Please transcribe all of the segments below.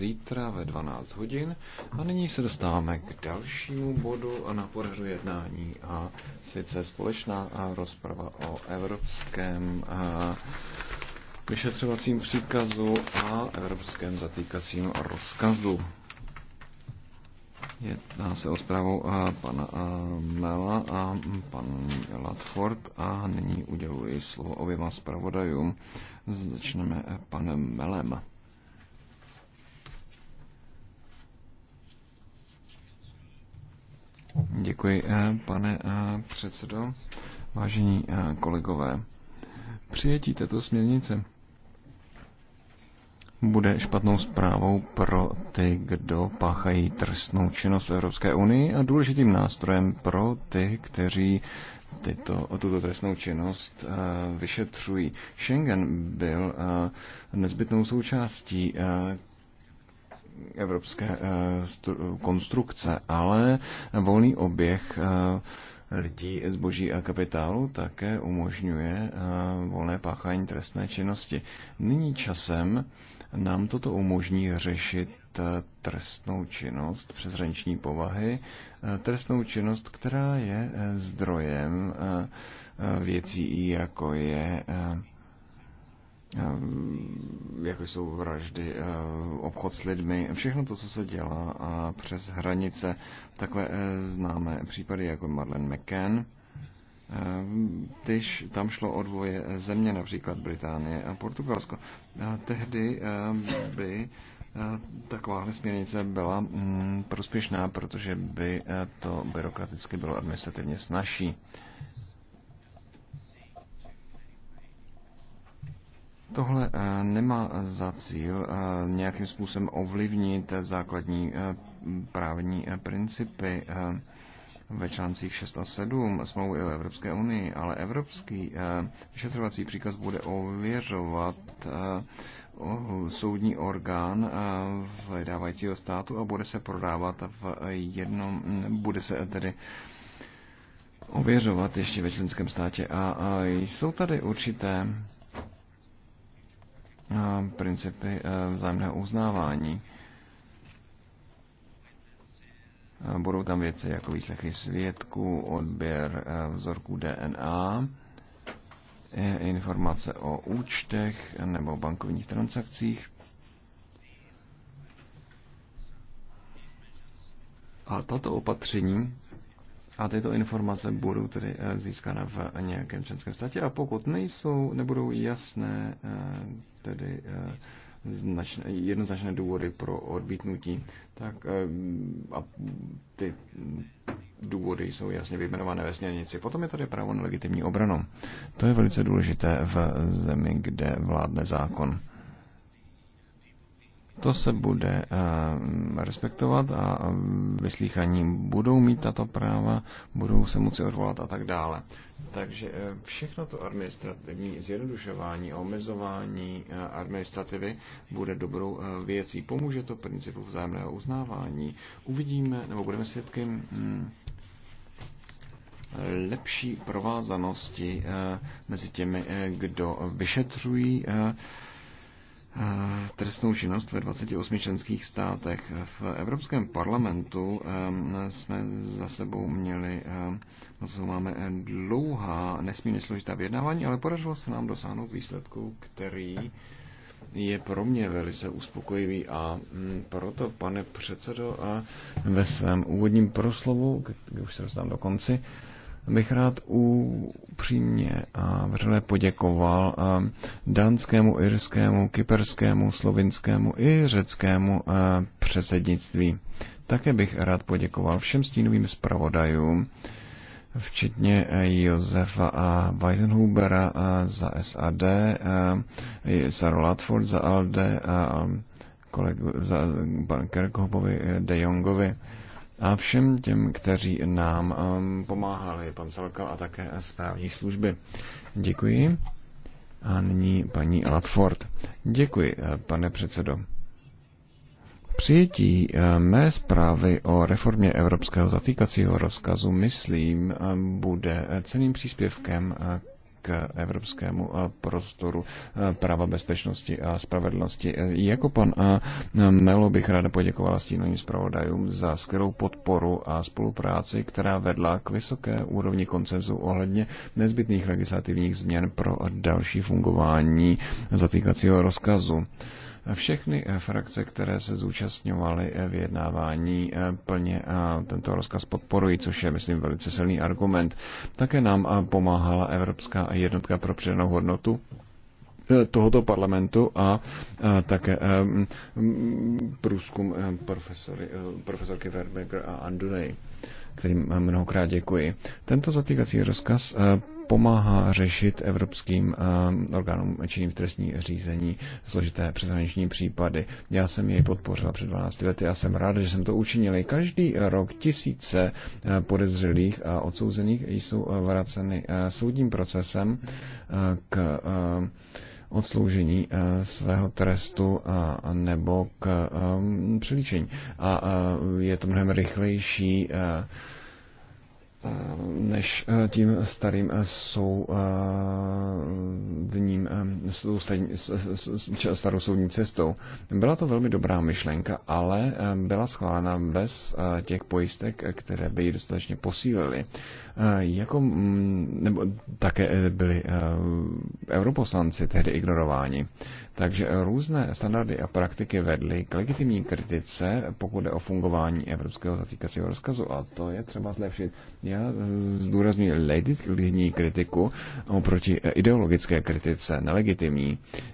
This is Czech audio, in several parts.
zítra ve 12 hodin. A nyní se dostáváme k dalšímu bodu a na pořadu jednání a sice společná rozprava o evropském vyšetřovacím příkazu a evropském zatýkacím rozkazu. Jedná se o zprávu a pana a Mela a pan Latford a nyní uděluji slovo oběma zpravodajům. Začneme panem Melem. Děkuji, eh, pane eh, předsedo. Vážení eh, kolegové, přijetí této směrnice bude špatnou zprávou pro ty, kdo páchají trestnou činnost v Evropské unii a důležitým nástrojem pro ty, kteří tyto, tuto trestnou činnost vyšetřují. Schengen byl nezbytnou součástí evropské eh, konstrukce, ale volný oběh eh, lidí, zboží a kapitálu také umožňuje eh, volné páchání trestné činnosti. Nyní časem nám toto umožní řešit trestnou činnost přeshraniční povahy, trestnou činnost, která je zdrojem věcí, jako je Ehm, jako jsou vraždy, eh, obchod s lidmi, všechno to, co se dělá a přes hranice. Takové eh, známé případy jako Marlene McCann, když ehm, tam šlo o dvoje země, například Británie a Portugalsko. A tehdy ehm, by eh, taková směrnice byla mm, prospěšná, protože by to byrokraticky bylo administrativně snažší. Tohle eh, nemá za cíl eh, nějakým způsobem ovlivnit základní eh, právní principy ve článcích 6 a 7 smlouvy o Evropské unii, ale evropský vyšetřovací příkaz bude ověřovat soudní orgán vydávajícího státu a bude se prodávat v jednom, bude se tedy ověřovat ještě ve členském státě. A jsou tady určité principy eh, vzájemného uznávání. Eh, budou tam věci jako výslechy svědků, odběr eh, vzorků DNA, informace o účtech nebo bankovních transakcích. A tato opatření a tyto informace budou tedy eh, získána v nějakém členském státě a pokud nejsou, nebudou jasné eh, tedy eh, značné, jednoznačné důvody pro odbítnutí, tak a ty důvody jsou jasně vyjmenované ve směrnici. Potom je tady právo na legitimní obranu. To je velice důležité v zemi, kde vládne zákon. To se bude eh, respektovat a vyslíchaní budou mít tato práva, budou se moci odvolat a tak dále. Takže eh, všechno to administrativní zjednodušování, omezování eh, administrativy bude dobrou věcí. Pomůže to principu vzájemného uznávání. Uvidíme, nebo budeme svědky hm, lepší provázanosti mezi těmi, kdo vyšetřují trestnou činnost ve 28 členských státech. V Evropském parlamentu ehm, jsme za sebou měli, ehm, máme eh, dlouhá, nesmírně složitá vyjednávání, ale podařilo se nám dosáhnout výsledku, který je pro mě velice uspokojivý a hm, proto, pane předsedo, ve svém úvodním proslovu, když už se dostám do konci, bych rád upřímně a vřele poděkoval eh, dánskému, irskému, kyperskému, slovinskému i řeckému eh, předsednictví. Také bych rád poděkoval všem stínovým zpravodajům, včetně eh, Josefa a Weisenhubera za SAD, Saru Latford za ALDE a kolegu za Kerkhopovi, De Jongovi a všem těm, kteří nám um, pomáhali, pan Salka a také správní služby. Děkuji. A nyní paní Latford. Děkuji, eh, pane předsedo. Přijetí eh, mé zprávy o reformě evropského zatýkacího rozkazu, myslím, eh, bude ceným příspěvkem k evropskému eh, prostoru eh, práva bezpečnosti a spravedlnosti. Eh, jako pan Melo bych ráda poděkovala stínovým zpravodajům za skvělou podporu a spolupráci, která vedla k vysoké úrovni koncenzu ohledně nezbytných legislativních změn pro další fungování zatýkacího rozkazu. Všechny eh, frakce, které se zúčastňovaly eh, vyjednávání, eh, plně tento rozkaz podporují, což je, myslím, velice silný argument. Také nám pomáhala Evropská jednotka pro přidanou hodnotu tohoto parlamentu a také průzkum profesory, profesorky Verbeger a Andulej, kterým mnohokrát děkuji. Tento zatýkací rozkaz pomáhá řešit evropským eh, orgánům činným v trestní řízení složité přeshraniční případy. Já jsem jej podpořila před 12 lety a jsem rád, že jsem to učinil. Každý rok tisíce eh, podezřelých a odsouzených jsou eh, vraceny soudním procesem k odsloužení svého trestu a nebo k přelíčení. A je to mnohem rychlejší Eh, než eh, tím starým dním starou soudní cestou. Byla to velmi dobrá myšlenka, ale eh, byla schválena bez těch pojistek, které by ji dostatečně posílily. Jako, mm, nebo také byli europoslanci tehdy ignorováni. Takže různé standardy a praktiky vedly k legitimní kritice, pokud jde o fungování evropského zatýkacího rozkazu a to je třeba zlepšit. Já zdůraznuju legitimní kritiku oproti eh, ideologické kritice, nelegitimní. Eh,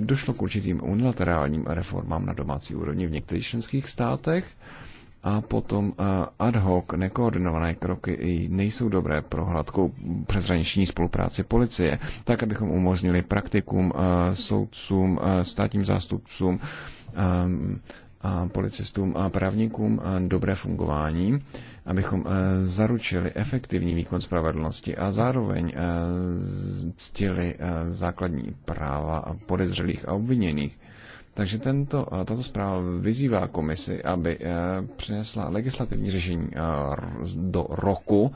došlo k určitým unilaterálním reformám na domácí úrovni v některých členských státech a potom eh, ad hoc nekoordinované kroky nejsou dobré pro hladkou přeshraniční spolupráci policie, tak abychom umožnili praktikům, eh, soudcům, eh, státním zástupcům, policistům a právníkům dobré fungování, abychom zaručili efektivní výkon spravedlnosti a zároveň ctili základní práva podezřelých a obviněných. Takže tento, eh, tato zpráva vyzývá komisi, aby eh, přinesla legislativní řešení eh, do roku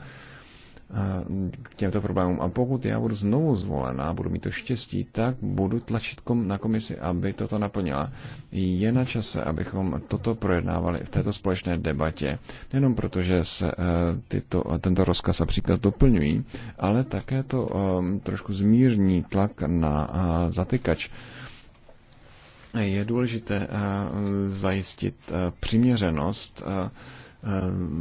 k těmto problémům. A pokud já budu znovu zvolená, budu mít to štěstí, tak budu tlačit kom na komisi, aby toto naplnila. Je na čase, abychom toto projednávali v této společné debatě. Nejenom že se tyto, tento rozkaz a příklad doplňují, ale také to trošku zmírní tlak na zatykač je důležité eh, zajistit eh, přiměřenost. Eh,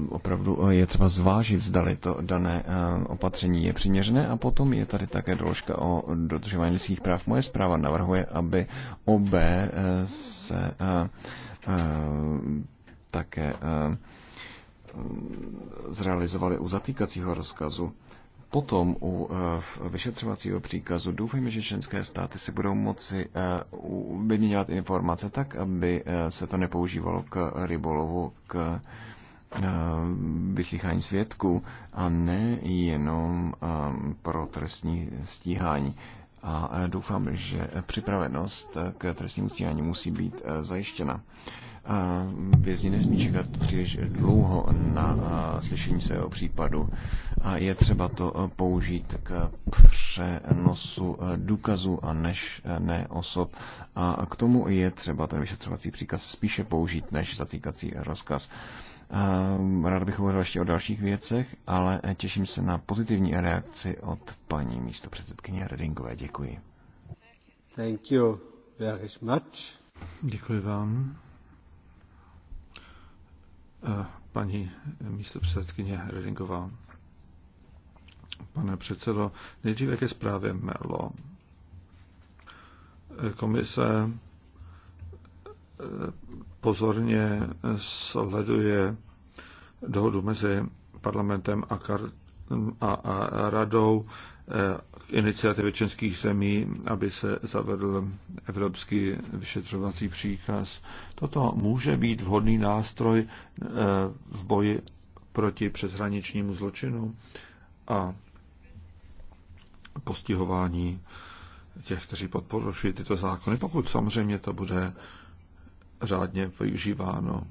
opravdu je třeba zvážit, zdali to dané opatření je přiměřené a potom je tady také doložka o dodržování lidských práv. Moje zpráva navrhuje, aby OB se také zrealizovali u zatýkacího rozkazu potom u eh, vyšetřovacího příkazu doufejme, že členské státy si budou moci eh, vyměňovat informace tak, aby eh, se to nepoužívalo k rybolovu, k vyslýchání svědků a ne jenom pro trestní stíhání. A doufám, že připravenost k trestnímu stíhání musí být zajištěna vězni nesmí čekat příliš dlouho na slyšení svého případu a je třeba to použít k přenosu důkazů a než ne osob. A k tomu je třeba ten vyšetřovací příkaz spíše použít než zatýkací rozkaz. Rád bych hovořil ještě o dalších věcech, ale těším se na pozitivní reakci od paní místopředsedkyně Redingové. Děkuji. Thank you very much. Děkuji vám. Eh, paní místopředsedkyně Redingová. Pane předsedo, nejdříve ke zprávě Melo. Eh, komise eh, pozorně sleduje dohodu mezi parlamentem a, kar- a, a radou Eh, iniciativě českých zemí, aby se zavedl evropský vyšetřovací příkaz. Toto může být vhodný nástroj eh, v boji proti přeshraničnímu zločinu a postihování těch, kteří podporují tyto zákony, pokud samozřejmě to bude řádně využíváno.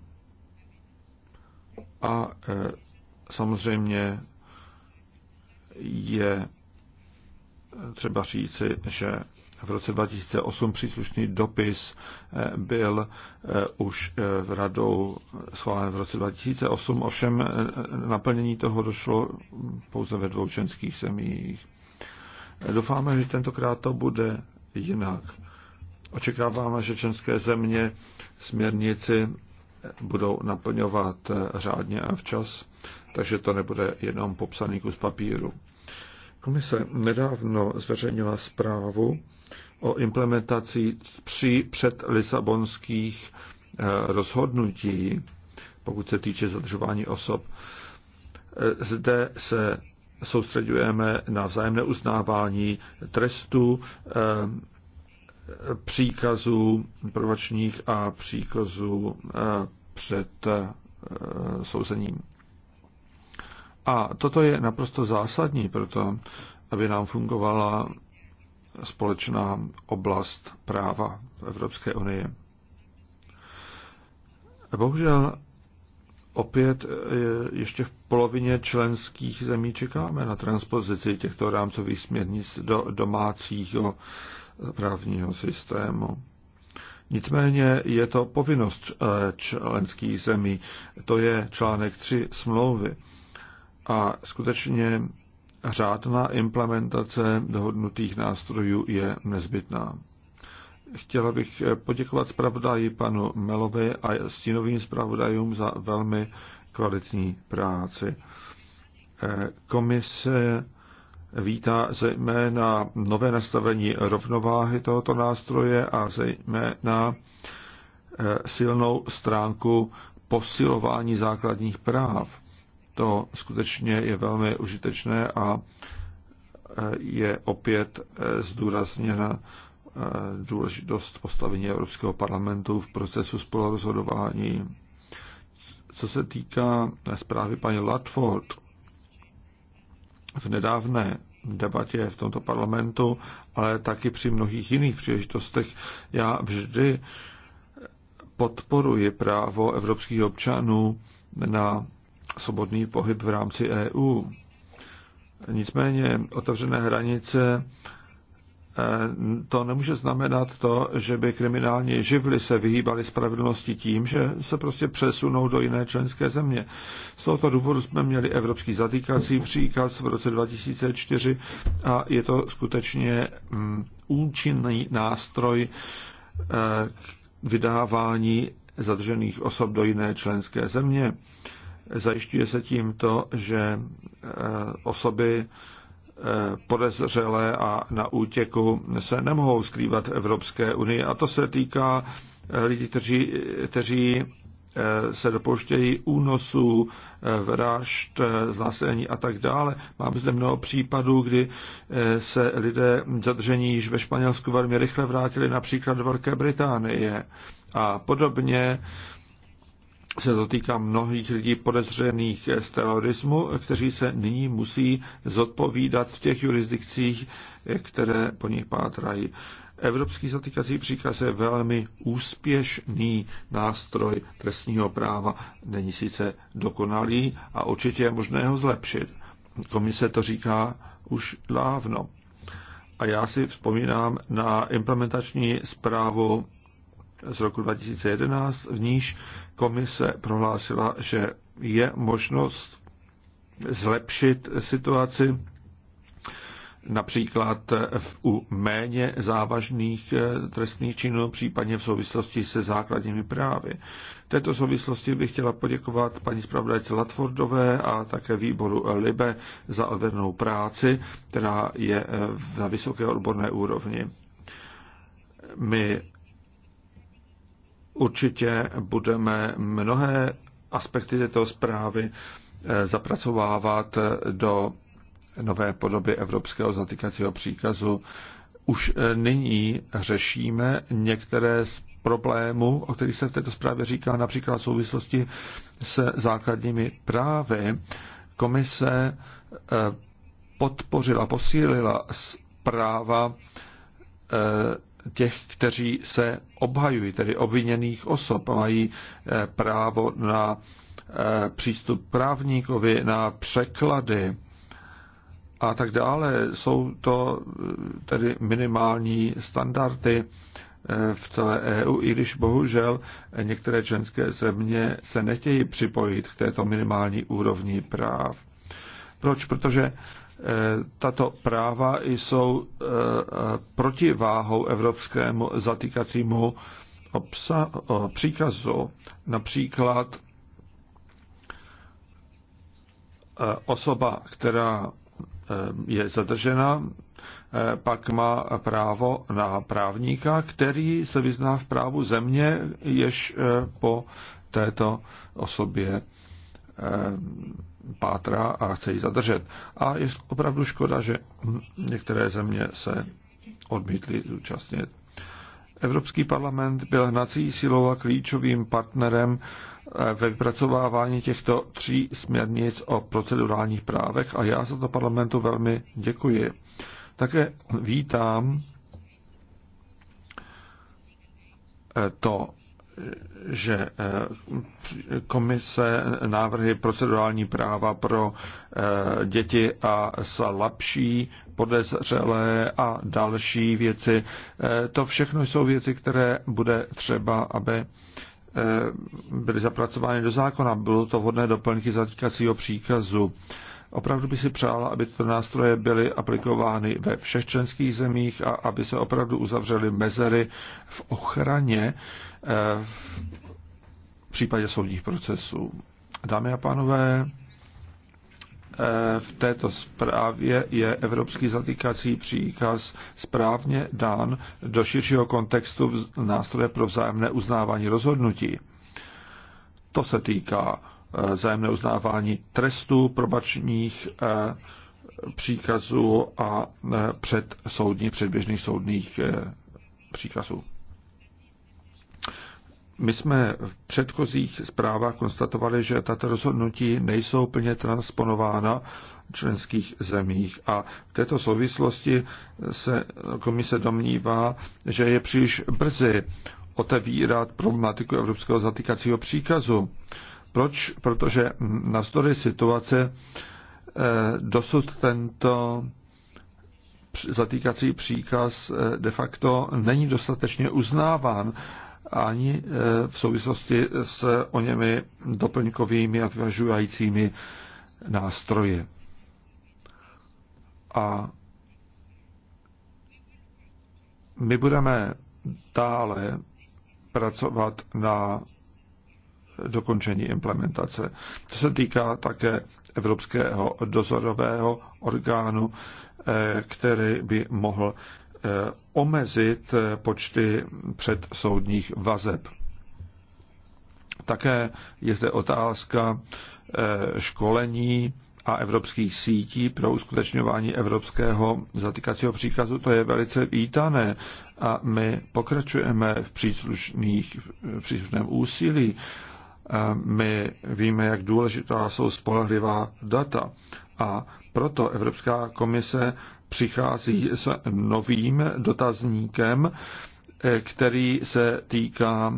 A eh, samozřejmě je třeba říci, že v roce 2008 příslušný dopis eh, byl eh, už eh, v radou schválen v roce 2008, ovšem naplnění toho došlo pouze ve dvou členských zemích. Doufáme, že tentokrát to bude jinak. Očekáváme, že členské země směrnici budou naplňovat řádně a včas, takže to nebude jenom popsaný kus papíru. Komise nedávno zveřejnila zprávu o implementaci tří předlisabonských eh, rozhodnutí, pokud se týče zadržování osob. Eh, zde se soustředujeme na vzájemné uznávání trestů, eh, příkazů provačních a příkazů před souzením. A toto je naprosto zásadní pro to, aby nám fungovala společná oblast práva v Evropské unii. Bohužel opět e, ještě v polovině členských zemí čekáme na transpozici těchto rámcových směrnic do domácího právního systému. Nicméně je to povinnost e, členských zemí, to je článek 3 smlouvy a skutečně řádná implementace dohodnutých nástrojů je nezbytná. Chtěla bych poděkovat zpravodaji panu Melovi a stínovým zpravodajům za velmi kvalitní práci. Komise vítá zejména nové nastavení rovnováhy tohoto nástroje a zejména eh, silnou stránku posilování základních práv to skutečně je velmi užitečné a e, je opět e, zdůrazněna e, důležitost postavení Evropského parlamentu v procesu spolurozhodování. Co se týká zprávy paní Latford, v nedávné debatě v tomto parlamentu, ale taky při mnohých jiných příležitostech já vždy podporuji právo evropských občanů na svobodný pohyb v rámci EU. Nicméně otevřené hranice eh, to nemůže znamenat to, že by kriminální živly se vyhýbaly spravedlnosti tím, že se prostě přesunou do jiné členské země. Z tohoto důvodu jsme měli evropský zatýkací příkaz v roce 2004 a je to skutečně mm, účinný nástroj eh, k vydávání zadržených osob do jiné členské země. Zajišťuje se tím to, že eh, osoby eh, podezřelé a na útěku se nemohou skrývat v Evropské unii. A to se týká eh, lidí, kteří, kteří se dopouštějí únosů, vražd, znásilnění a tak dále. Máme zde mnoho případů, kdy se lidé zadržení již ve Španělsku velmi rychle vrátili, například do Velké Británie. A podobně se to týká mnohých lidí podezřených z terorismu, kteří se nyní musí zodpovídat v těch jurisdikcích, které po nich pátrají. Evropský zatýkací příkaz je velmi úspěšný nástroj trestního práva. Není sice dokonalý a určitě je možné ho zlepšit. Komise to říká už dávno. A já si vzpomínám na implementační zprávu z roku 2011, v níž komise prohlásila, že je možnost zlepšit situaci například v, u méně závažných eh, trestných činů, případně v souvislosti se základními právy. V této souvislosti bych chtěla poděkovat paní zpravodajce Latfordové a také výboru LIBE za odvednou práci, která je eh, na vysoké odborné úrovni. My Určitě budeme mnohé aspekty této zprávy eh, zapracovávat do nové podoby evropského zatýkacího příkazu. Už eh, nyní řešíme některé z problémů, o kterých se v této zprávě říká, například v souvislosti se základními právy. Komise eh, podpořila, posílila práva těch, kteří se obhajují, tedy obviněných osob, mají eh, právo na eh, přístup právníkovi, na překlady a tak dále. Jsou to eh, tedy minimální standardy v celé EU, i když bohužel některé členské země se nechtějí připojit k této minimální úrovni práv. Proč? Protože Eh, tato práva jsou eh, protiváhou evropskému zatýkacímu obsa- příkazu. Například eh, osoba, která je zadržena, pak má právo na právníka, který se vyzná v právu země, jež po této osobě pátrá a chce ji zadržet. A je opravdu škoda, že některé země se odmítly zúčastnit. Evropský parlament byl hnací silou a klíčovým partnerem eh, ve vypracovávání těchto tří směrnic o procedurálních právech a já za to parlamentu velmi děkuji. Také vítám eh, to že eh, komise návrhy procedurální práva pro eh, děti a slabší, podezřelé a další věci. Eh, to všechno jsou věci, které bude třeba, aby byly zapracovány do zákona. Bylo to vhodné doplňky zatýkacího příkazu. Opravdu by si přála, aby tyto nástroje byly aplikovány ve všech členských zemích a aby se opravdu uzavřely mezery v ochraně Eh, v případě soudních procesů. Dámy a pánové, eh, v této zprávě je evropský zatýkací příkaz správně dán do širšího kontextu nástroje pro vzájemné uznávání rozhodnutí. To se týká eh, vzájemné uznávání trestů, probačních příkazů a předsoudních, předběžných soudních příkazů. My jsme v předchozích zprávách konstatovali, že tato rozhodnutí nejsou plně transponována v členských zemích a v této souvislosti se komise domnívá, že je příliš brzy otevírat problematiku evropského zatýkacího příkazu. Proč? Protože na navzdory situace eh, dosud tento zatýkací příkaz eh, de facto není dostatečně uznáván ani eh, v souvislosti s o němi doplňkovými a vyvažujícími nástroji. A my budeme dále pracovat na dokončení implementace. To se týká také Evropského dozorového orgánu, eh, který by mohl Eh, omezit eh, počty předsoudních vazeb. Také je zde otázka eh, školení a evropských sítí pro uskutečňování evropského zatýkacího příkazu. To je velice vítané a my pokračujeme v, příslušných, v příslušném úsilí. My víme, jak důležitá jsou spolehlivá data. A proto Evropská komise přichází s novým dotazníkem, eh, který se týká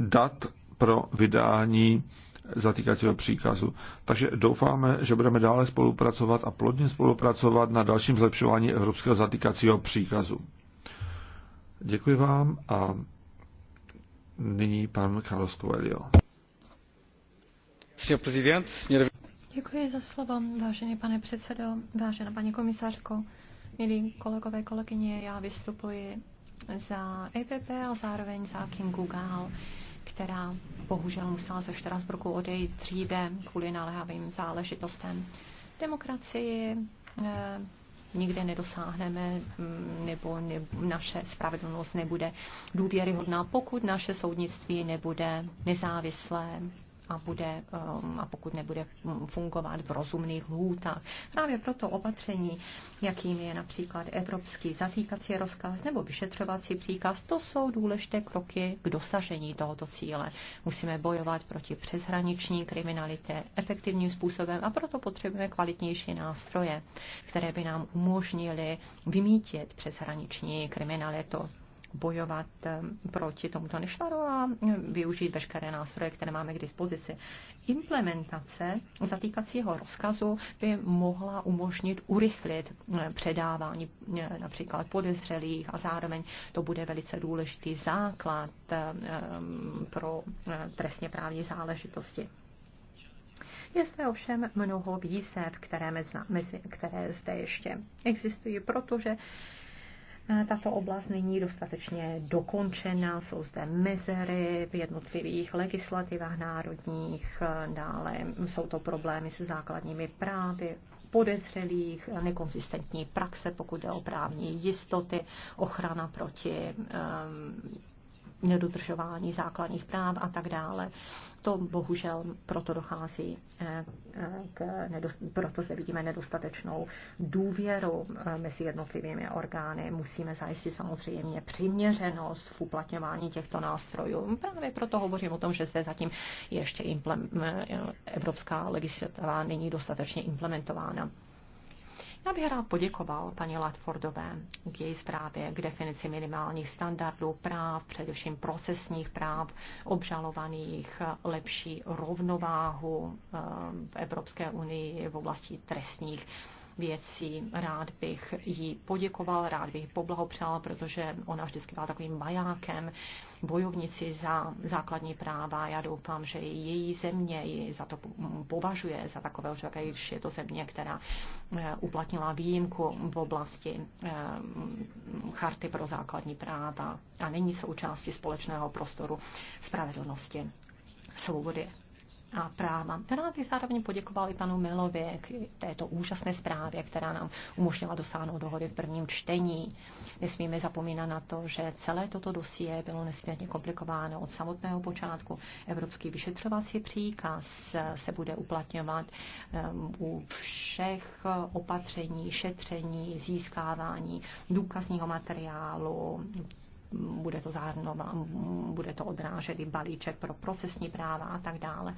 dat pro vydání zatýkacího příkazu. Takže doufáme, že budeme dále spolupracovat a plodně spolupracovat na dalším zlepšování evropského zatýkacího příkazu. Děkuji vám a nyní pan Carlos Coelho. Senhor prezident, Děkuji za slovo, vážený pane předsedo, vážená paní komisařko, milí kolegové, kolegyně, já vystupuji za EPP a zároveň za Kim Google, která bohužel musela ze Štrasburku odejít dříve kvůli naléhavým záležitostem. Demokracii E, nikde nedosáhneme mm, nebo ne, naše spravedlnost nebude důvěryhodná, pokud naše soudnictví nebude nezávislé, a, bude, um, a pokud nebude fungovat v rozumných lhůtách. Právě proto opatření, jakým je například evropský zatýkací rozkaz nebo vyšetřovací příkaz, to jsou důležité kroky k dosažení tohoto cíle. Musíme bojovat proti přeshraniční kriminalitě efektivním způsobem a proto potřebujeme kvalitnější nástroje, které by nám umožnily vymítit přeshraniční kriminalitu bojovat eh, proti tomuto nešvaru a využít veškeré nástroje, které máme k dispozici. Implementace zatýkacího rozkazu by mohla umožnit urychlit eh, předávání eh, například podezřelých a zároveň to bude velice důležitý základ pro trestně právní záležitosti. Je zde ovšem mnoho výzev, které, mezi, které zde ještě existují, protože tato oblast není dostatečně dokončena, jsou zde mezery v jednotlivých legislativách národních, dále jsou to problémy se základními právy podezřelých, nekonzistentní praxe, pokud jde o právní jistoty, ochrana proti um, nedodržování základních práv a tak dále. To bohužel proto dochází eh, eh, k, nedost, proto zde vidíme nedostatečnou důvěru eh, mezi jednotlivými orgány. Musíme zajistit samozřejmě přiměřenost v uplatňování těchto nástrojů. Právě proto hovořím o tom, že zde zatím ještě implement, evropská legislativa není dostatečně implementována. Já bych rád poděkoval paní Latfordové k její zprávě, k definici minimálních standardů práv, především procesních práv obžalovaných, lepší rovnováhu eh, v Evropské unii v oblasti trestních věcí. Rád bych jí poděkoval, rád bych poblahopřál, protože ona vždycky byla takovým majákem, bojovnici za základní práva. Já doufám, že i její země ji za to považuje, za takového člověka, když je to země, která eh, uplatnila výjimku v oblasti eh, charty pro základní práva a není součástí společného prostoru spravedlnosti svobody a práva. Rád bych zároveň poděkoval i panu Milovi k této úžasné zprávě, která nám umožnila dosáhnout dohody v prvním čtení. Nesmíme zapomínat na to, že celé toto dosie bylo nesmírně komplikováno od samotného počátku. Evropský vyšetřovací příkaz se bude uplatňovat ehm, u všech opatření, šetření, získávání důkazního materiálu, bude to zahrnovat, bude to odrážet i balíček pro procesní práva a tak dále.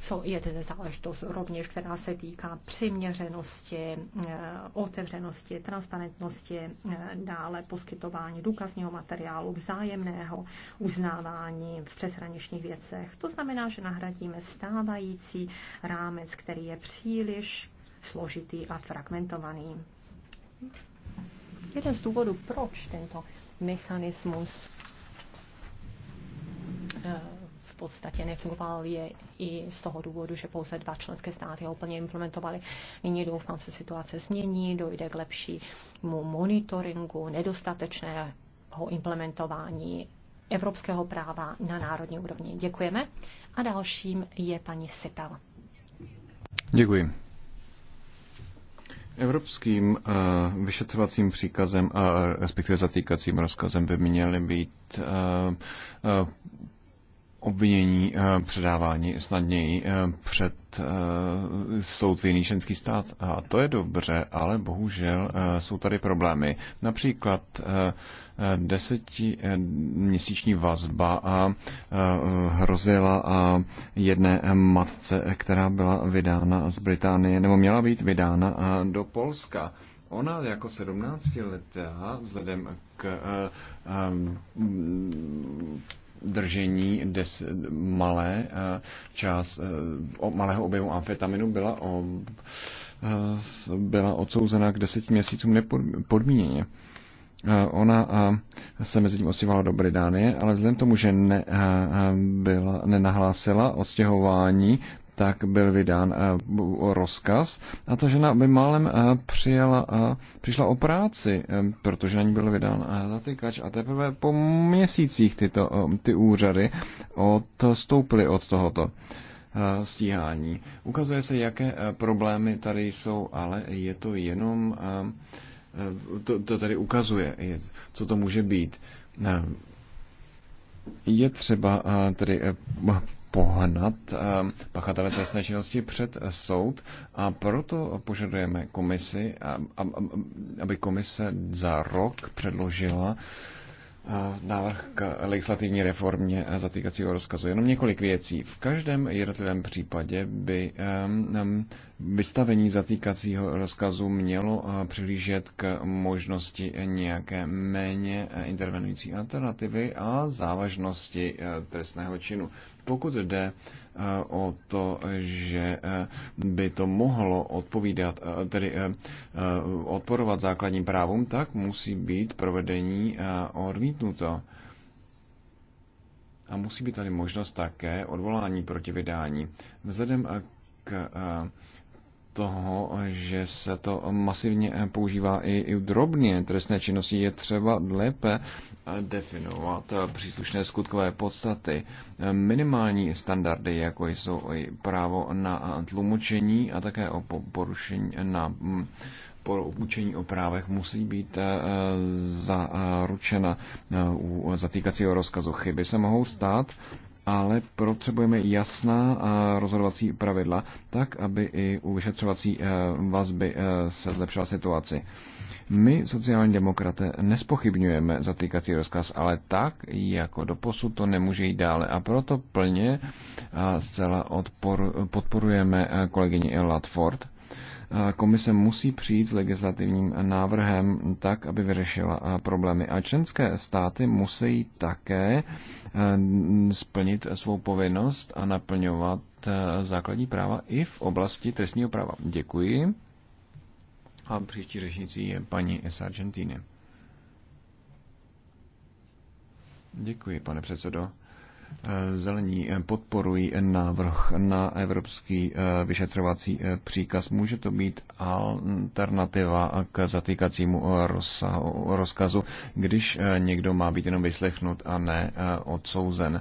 Co je tedy záležitost rovněž, která se týká přiměřenosti, eh, otevřenosti, transparentnosti, eh, dále poskytování důkazního materiálu, vzájemného uznávání v přeshraničních věcech. To znamená, že nahradíme stávající rámec, který je příliš složitý a fragmentovaný. Jeden z důvodů, proč tento mechanismus eh, v podstatě nefungoval je i z toho důvodu, že pouze dva členské státy ho úplně implementovaly. Nyní doufám se situace změní, dojde k lepšímu monitoringu, nedostatečného implementování evropského práva na národní úrovni. Děkujeme. A dalším je paní Sipel. Děkuji. Evropským eh, vyšetřovacím příkazem a eh, respektive zatýkacím rozkazem by měly být eh, obvinění eh, předávání snadněji eh, před eh, soud v jiný členský stát. A to je dobře, ale bohužel jsou tady problémy. Například desetiměsíční vazba a hrozila jedné matce, která byla vydána z Británie, nebo měla být vydána do Polska. Ona jako 17 letá, vzhledem k držení des, malé eh, část, eh, malého objemu amfetaminu byla, o, eh, byla odsouzena k deseti měsícům nepodmíněně. Ona se mezi tím osívala do Británie, ale vzhledem tomu, že ne, byla, nenahlásila odstěhování, tak byl vydán eh, rozkaz a ta žena by málem eh, přijela, eh, přišla o práci, protože na ní byl vydán zatýkač a teprve po měsících tyto, ty úřady odstoupily od tohoto stíhání. Ukazuje se, jaké problémy tady jsou, ale je to jenom, to, to tady ukazuje, co to může být. Je třeba tedy pohnat ehm, pachatele trestné činnosti před soud a proto požadujeme komisi, aby komise za rok předložila ehm, návrh k legislativní reformě eh, zatýkacího rozkazu. Jenom několik věcí. V každém jednotlivém případě by ehm, vystavení zatýkacího rozkazu mělo eh, přihlížet k možnosti nějaké méně eh, intervenující alternativy a závažnosti trestného činu. Pokud jde eh, o to, že eh, by to mohlo odpovídat, eh, tedy odporovat základním právům, tak musí být provedení odmítnuto. A musí být tady možnost také odvolání proti vydání. Vzhledem k toho, že se to masivně používá i, u drobně trestné činnosti, je třeba lépe definovat příslušné skutkové podstaty. Minimální standardy, jako jsou i právo na tlumočení a také o porušení na mm, učení o právech musí být eh, zaručena eh, u zatýkacího rozkazu. Chyby se mohou stát, ale potřebujeme jasná eh, rozhodovací pravidla, tak aby i u vyšetřovací vazby se zlepšila situaci. My, sociální demokraté, nespochybňujeme zatýkací rozkaz, ale tak, jako posud, to nemůže jít dále. A proto plně a zcela odpor, podporujeme kolegyni Latford. Komise musí přijít s legislativním návrhem tak, aby vyřešila problémy. A členské státy musí také splnit svou povinnost a naplňovat základní práva i v oblasti trestního práva. Děkuji. A příští řečnicí je paní S. Argentine. Děkuji, pane předsedo. Eh, zelení eh, podporují návrh na evropský eh, vyšetřovací příkaz. Může to být alternativa k zatýkacímu rozkazu, když někdo má být jenom vyslechnut a ne odsouzen,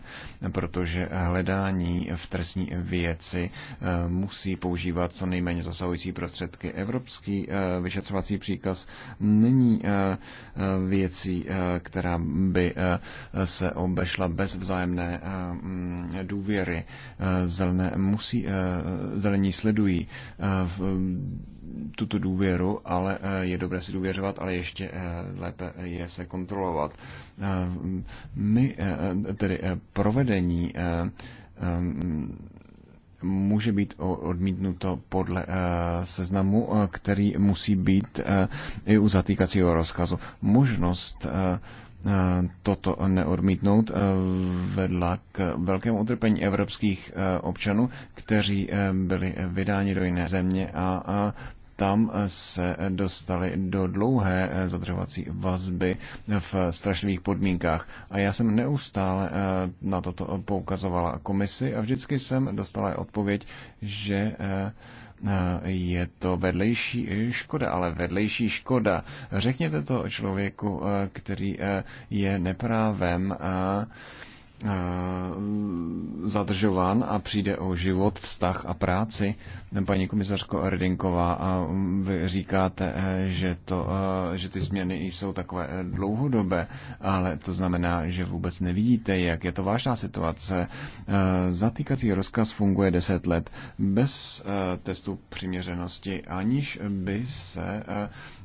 protože hledání v trestní věci musí používat co nejméně zasahující prostředky. Evropský vyšetřovací příkaz není věcí, která by se obešla bez vzájemné Eh, mm, důvěry. Eh, zelené musí, eh, zelení sledují tuto důvěru, ale je dobré si důvěřovat, ale ještě lépe je se kontrolovat. My, tedy provedení může být odmítnuto podle seznamu, který musí být i u zatýkacího rozkazu. Možnost toto neodmítnout, eh, vedla k velkému utrpení evropských eh, občanů, kteří eh, byli vydáni do jiné země a tam se dostali do dlouhé zadržovací vazby v strašlivých podmínkách. A já jsem neustále na toto poukazovala komisi a vždycky jsem dostala odpověď, že Eh, je to vedlejší škoda, ale vedlejší škoda. Řekněte to člověku, eh, který eh, je neprávem Eh, zadržován a přijde o život, vztah a práci. Paní komisařko Erdinková, vy říkáte, eh, že, to, eh, že ty změny jsou takové dlouhodobé, ale to znamená, že vůbec nevidíte, jak je to vážná situace. Zatýkací rozkaz funguje 10 let bez testu přiměřenosti, aniž by se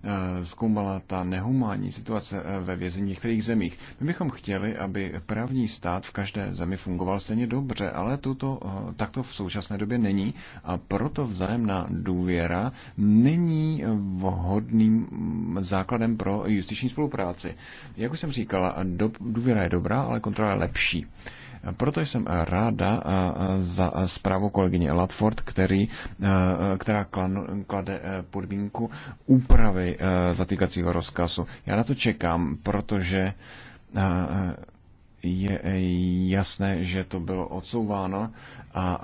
Eh, zkoumala ta nehumánní situace eh, ve vězení některých zemích. My bychom chtěli, aby právní stát v každé zemi fungoval stejně dobře, ale tuto, eh, takto v současné době není a proto vzájemná důvěra není vhodným základem pro justiční spolupráci. Jak už jsem říkala, důvěra je dobrá, ale kontrola je lepší. Proto jsem ráda za zprávu kolegyně Latford, který, která klade e, podmínku úpravy e, zatýkacího rozkazu. Já na to čekám, protože je e, jasné, že to bylo odsouváno a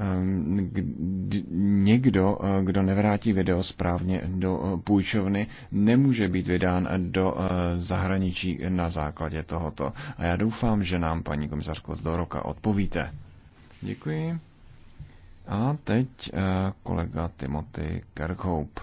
Ehm, někdo, eh, kdo nevrátí video správně do eh, půjčovny, nemůže být vydán do eh, zahraničí na základě tohoto. A já doufám, že nám, paní komisařko, do roka odpovíte. Děkuji. A teď kolega Timothy Kerkhope.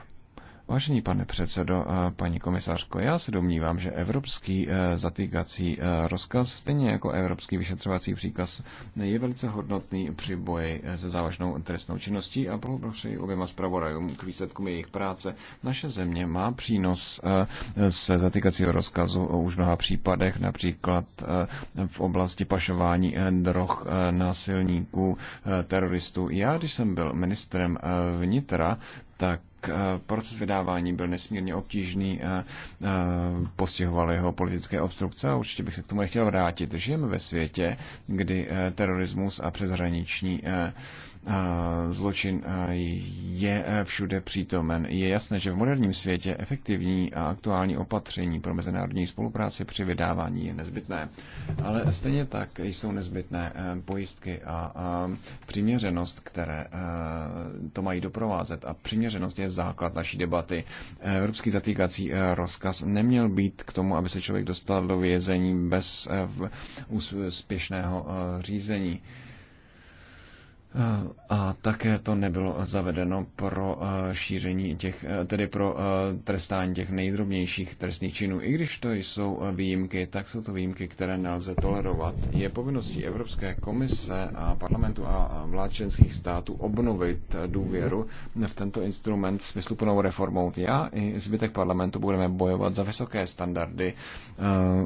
Vážený pane předsedo, paní komisařko, já se domnívám, že evropský eh, zatýkací eh, rozkaz, stejně jako evropský vyšetřovací příkaz, je velice hodnotný při boji eh, se závažnou trestnou činností a poprosím oběma zpravodajům k výsledkům jejich práce. Naše země má přínos se zatýkacího rozkazu už v mnoha případech, například v oblasti pašování droh, násilníků, teroristů. Já, když jsem byl ministrem vnitra, tak Eh, proces vydávání byl nesmírně obtížný, a eh, eh, postihovaly ho politické obstrukce a určitě bych se k tomu nechtěl vrátit. Žijeme ve světě, kdy terorismus a přeshraniční zločin je e, všude přítomen. Je jasné, že v moderním světě efektivní a aktuální opatření pro mezinárodní spolupráci při vydávání je nezbytné. Ale stejně tak jsou nezbytné e, pojistky a přiměřenost, které e, to mají doprovázet. A přiměřenost je základ naší debaty. Evropský zatýkací rozkaz neměl být k tomu, aby se člověk dostal do vězení bez úspěšného řízení. Eh, a také to nebylo zavedeno pro eh, šíření těch, eh, tedy pro trestání těch nejdrobnějších trestných činů. I když to jsou výjimky, tak jsou to výjimky, které nelze tolerovat. Je povinností Evropské komise a parlamentu a vlád členských států obnovit důvěru v tento instrument smysluplnou reformou. Já i zbytek parlamentu budeme bojovat za vysoké standardy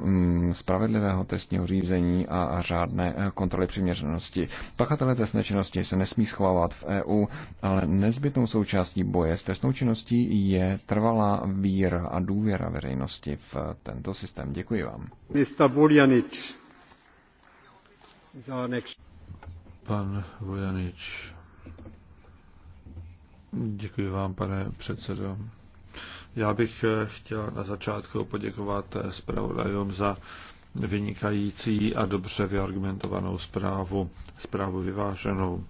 mm, spravedlivého trestního řízení a řádné kontroly přiměřenosti. Pachatelé trestné činnosti činnosti vlastně se nesmí schovávat v EU, ale nezbytnou součástí boje s trestnou činností je trvalá víra a důvěra veřejnosti v tento systém. Děkuji vám. Mr. Pan Vojanič. Děkuji vám, pane předsedo. Já bych eh, chtěl na začátku poděkovat eh, zpravodajům za vynikající a dobře vyargumentovanou zprávu zprávu vyváženou.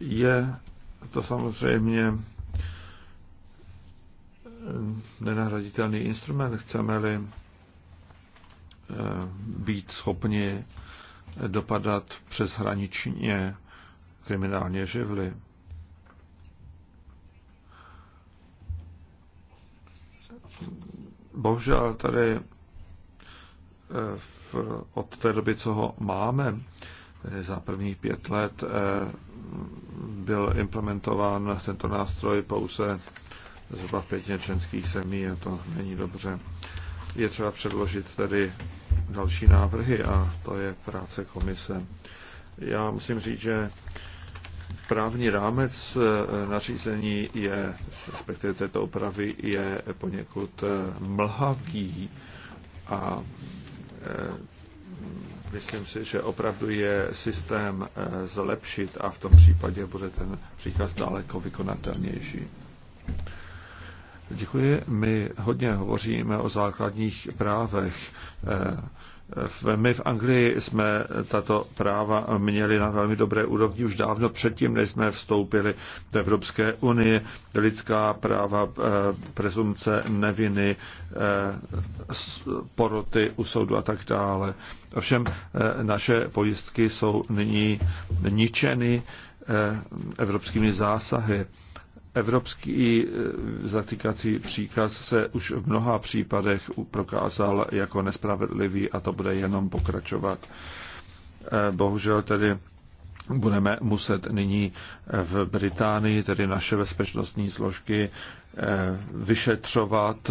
Je to samozřejmě nenahraditelný instrument, chceme-li eh, být schopni dopadat přeshraničně kriminálně živly. Bohužel tady v eh, od té doby, co ho máme, za prvních pět let eh, byl implementován tento nástroj pouze zhruba v pětině členských zemí a to není dobře. Je třeba předložit tedy další návrhy a to je práce komise. Já musím říct, že právní rámec eh, nařízení je, respektive této opravy, je poněkud eh, mlhavý a Eh, myslím si, že opravdu je systém eh, zlepšit a v tom případě bude ten příkaz daleko vykonatelnější. Děkuji. My hodně hovoříme o základních právech eh, my v Anglii jsme tato práva měli na velmi dobré úrovni už dávno předtím, než jsme vstoupili do Evropské unie. Lidská práva, eh, prezumce neviny, eh, poroty u soudu a tak dále. Ovšem eh, naše pojistky jsou nyní ničeny evropskými zásahy. Evropský e, zatýkací příkaz se už v mnoha případech prokázal jako nespravedlivý a to bude jenom pokračovat. E, bohužel tedy budeme muset nyní e, v Británii, tedy naše bezpečnostní složky, vyšetřovat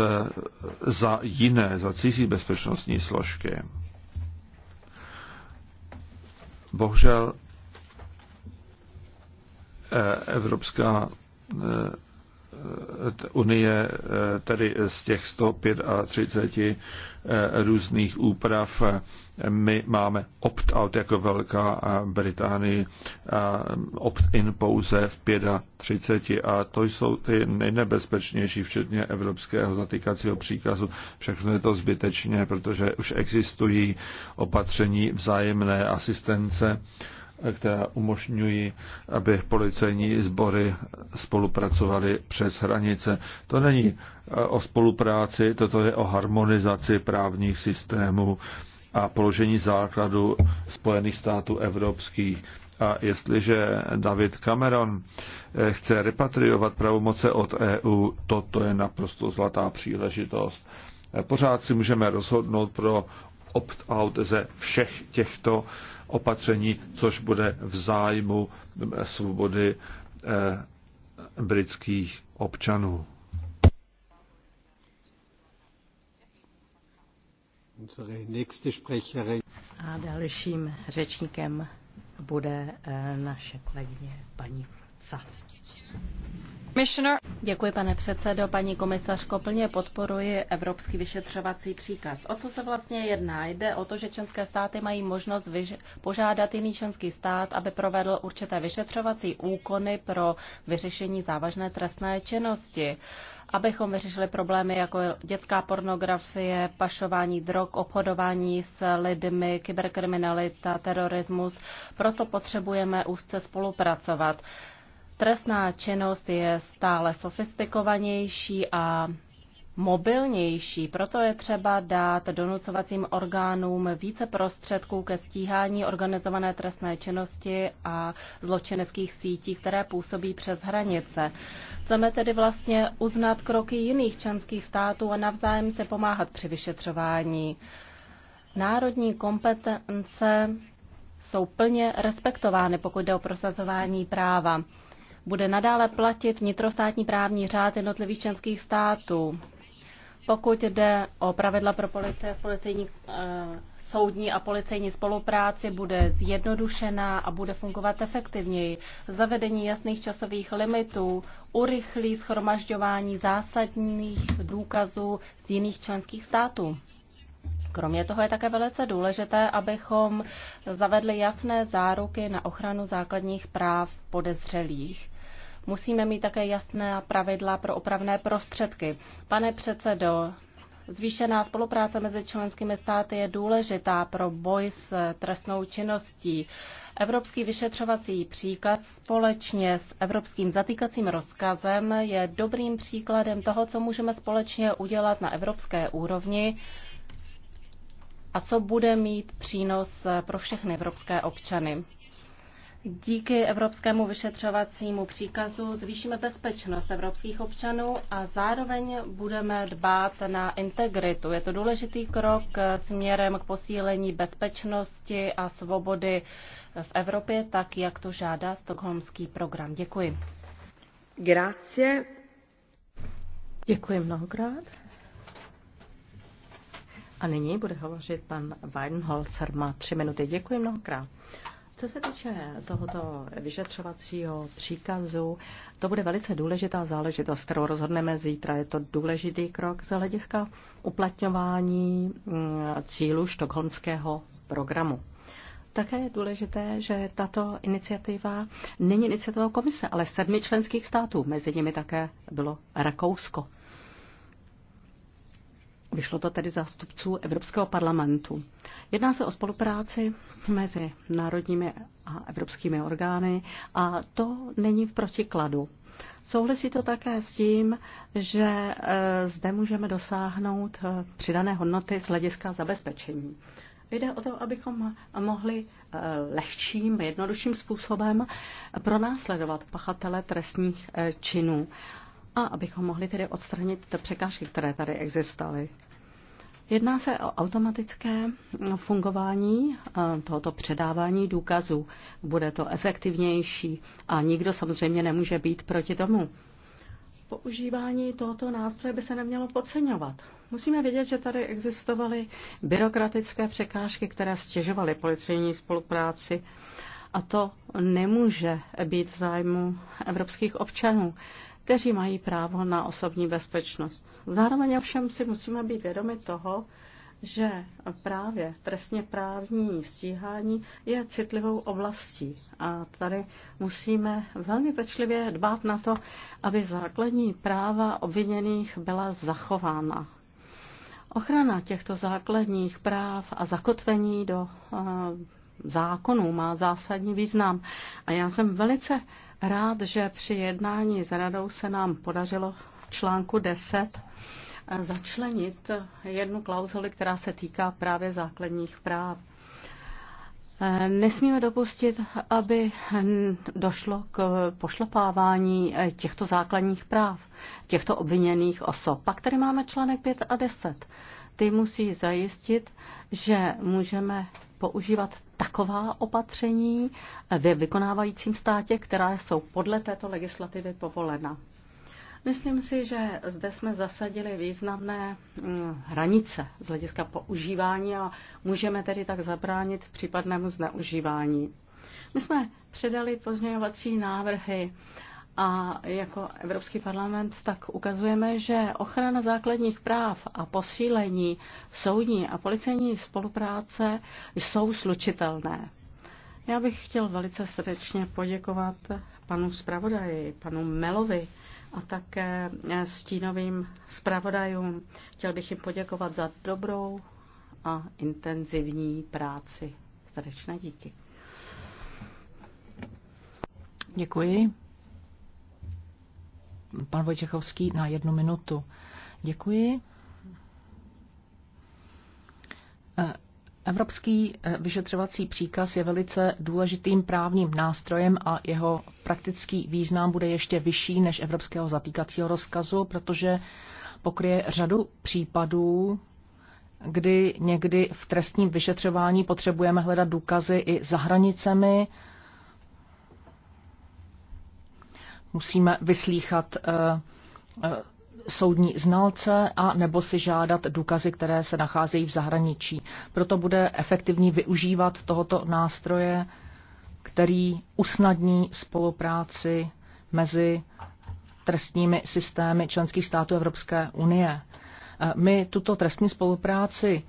za jiné, za cizí bezpečnostní složky. Bohužel Evropská Eh, Unie eh, tedy z těch 135 eh, různých úprav. My máme opt-out jako Velká Británie, opt-in pouze v 35 a to jsou ty nejnebezpečnější, včetně evropského zatýkacího příkazu. Všechno je to zbytečně, protože už existují opatření vzájemné asistence která umožňují, aby policejní sbory spolupracovaly přes hranice. To není eh, o spolupráci, toto je o harmonizaci právních systémů a položení základu Spojených států evropských. A jestliže David Cameron eh, chce repatriovat pravomoce od EU, toto je naprosto zlatá příležitost. Eh, pořád si můžeme rozhodnout pro opt-out ze všech těchto opatření, což bude v zájmu eh, svobody eh, britských občanů. A dalším řečníkem bude eh, naše kolegyně paní Ca. Děkuji, pane předsedo. Paní komisařko, plně podporuji evropský vyšetřovací příkaz. O co se vlastně jedná? Jde o to, že členské státy mají možnost vyž- požádat jiný členský stát, aby provedl určité vyšetřovací úkony pro vyřešení závažné trestné činnosti abychom vyřešili problémy jako dětská pornografie, pašování drog, obchodování s lidmi, kyberkriminalita, terorismus. Proto potřebujeme úzce spolupracovat trestná činnost je stále sofistikovanější a mobilnější. Proto je třeba dát donucovacím orgánům více prostředků ke stíhání organizované trestné činnosti a zločineckých sítí, které působí přes hranice. Chceme tedy vlastně uznat kroky jiných členských států a navzájem se pomáhat při vyšetřování. Národní kompetence jsou plně respektovány, pokud jde o prosazování práva bude nadále platit vnitrostátní právní řád jednotlivých členských států. Pokud jde o pravidla pro policie, policejní, eh, soudní a policejní spolupráci, bude zjednodušená a bude fungovat efektivněji. Zavedení jasných časových limitů urychlí schromažďování zásadních důkazů z jiných členských států. Kromě toho je také velice důležité, abychom zavedli jasné záruky na ochranu základních práv podezřelých musíme mít také jasné pravidla pro opravné prostředky. Pane předsedo, Zvýšená spolupráce mezi členskými státy je důležitá pro boj s trestnou činností. Evropský vyšetřovací příkaz společně s evropským zatýkacím rozkazem je dobrým příkladem toho, co můžeme společně udělat na evropské úrovni a co bude mít přínos pro všechny evropské občany. Díky evropskému vyšetřovacímu příkazu zvýšíme bezpečnost evropských občanů a zároveň budeme dbát na integritu. Je to důležitý krok směrem k posílení bezpečnosti a svobody v Evropě, tak jak to žádá stokholmský program. Děkuji. Grazie. Děkuji mnohokrát. A nyní bude hovořit pan Weidenholzer. Má tři minuty. Děkuji mnohokrát. Co se týče tohoto vyšetřovacího příkazu, to bude velice důležitá záležitost, kterou rozhodneme zítra. Je to důležitý krok z hlediska uplatňování mm, cílu štokholmského programu. Také je důležité, že tato iniciativa není iniciativou komise, ale sedmi členských států. Mezi nimi také bylo Rakousko. Vyšlo to tedy zástupců Evropského parlamentu. Jedná se o spolupráci mezi národními a evropskými orgány a to není v protikladu. Souhlasí to také s tím, že eh, zde můžeme dosáhnout eh, přidané hodnoty z hlediska zabezpečení. Jde o to, abychom mohli eh, lehčím, jednodušším způsobem pronásledovat pachatele trestních činů a abychom mohli tedy odstranit ty překážky, které tady existovaly. Jedná se o automatické fungování eh, tohoto předávání důkazů. Bude to efektivnější a nikdo samozřejmě nemůže být proti tomu. Používání tohoto nástroje by se nemělo podceňovat. Musíme vědět, že tady existovaly byrokratické překážky, které stěžovaly policejní spolupráci a to nemůže být v zájmu evropských občanů kteří mají právo na osobní bezpečnost. Zároveň ovšem si musíme být vědomi toho, že právě trestně právní stíhání je citlivou oblastí a tady musíme velmi pečlivě dbát na to, aby základní práva obviněných byla zachována. Ochrana těchto základních práv a zakotvení do eh, zákonů má zásadní význam a já jsem velice rád, že při jednání s radou se nám podařilo v článku 10 eh, začlenit jednu klauzuli, která se týká právě základních práv. Eh, nesmíme dopustit, aby došlo k pošlapávání eh, těchto základních práv, těchto obviněných osob. Pak tady máme článek 5 a 10. Ty musí zajistit, že můžeme používat taková opatření ve vykonávajícím státě, která jsou podle této legislativy povolena. Myslím si, že zde jsme zasadili významné mm, hranice z hlediska používání a můžeme tedy tak zabránit případnému zneužívání. My jsme předali pozměňovací návrhy a jako Evropský parlament tak ukazujeme, že ochrana základních práv a posílení soudní a policejní spolupráce jsou slučitelné. Já bych chtěl velice srdečně poděkovat panu zpravodaji, panu Melovi a také stínovým zpravodajům. Chtěl bych jim poděkovat za dobrou a intenzivní práci. Srdečné díky. Děkuji pan Vojčechovský na jednu minutu. Děkuji. E, Evropský e, vyšetřovací příkaz je velice důležitým právním nástrojem a jeho praktický význam bude ještě vyšší než evropského zatýkacího rozkazu, protože pokryje řadu případů, kdy někdy v trestním vyšetřování potřebujeme hledat důkazy i za hranicemi Musíme vyslíchat eh, eh, soudní znalce a nebo si žádat důkazy, které se nacházejí v zahraničí. Proto bude efektivní využívat tohoto nástroje, který usnadní spolupráci mezi trestními systémy členských států Evropské unie. Eh, my tuto trestní spolupráci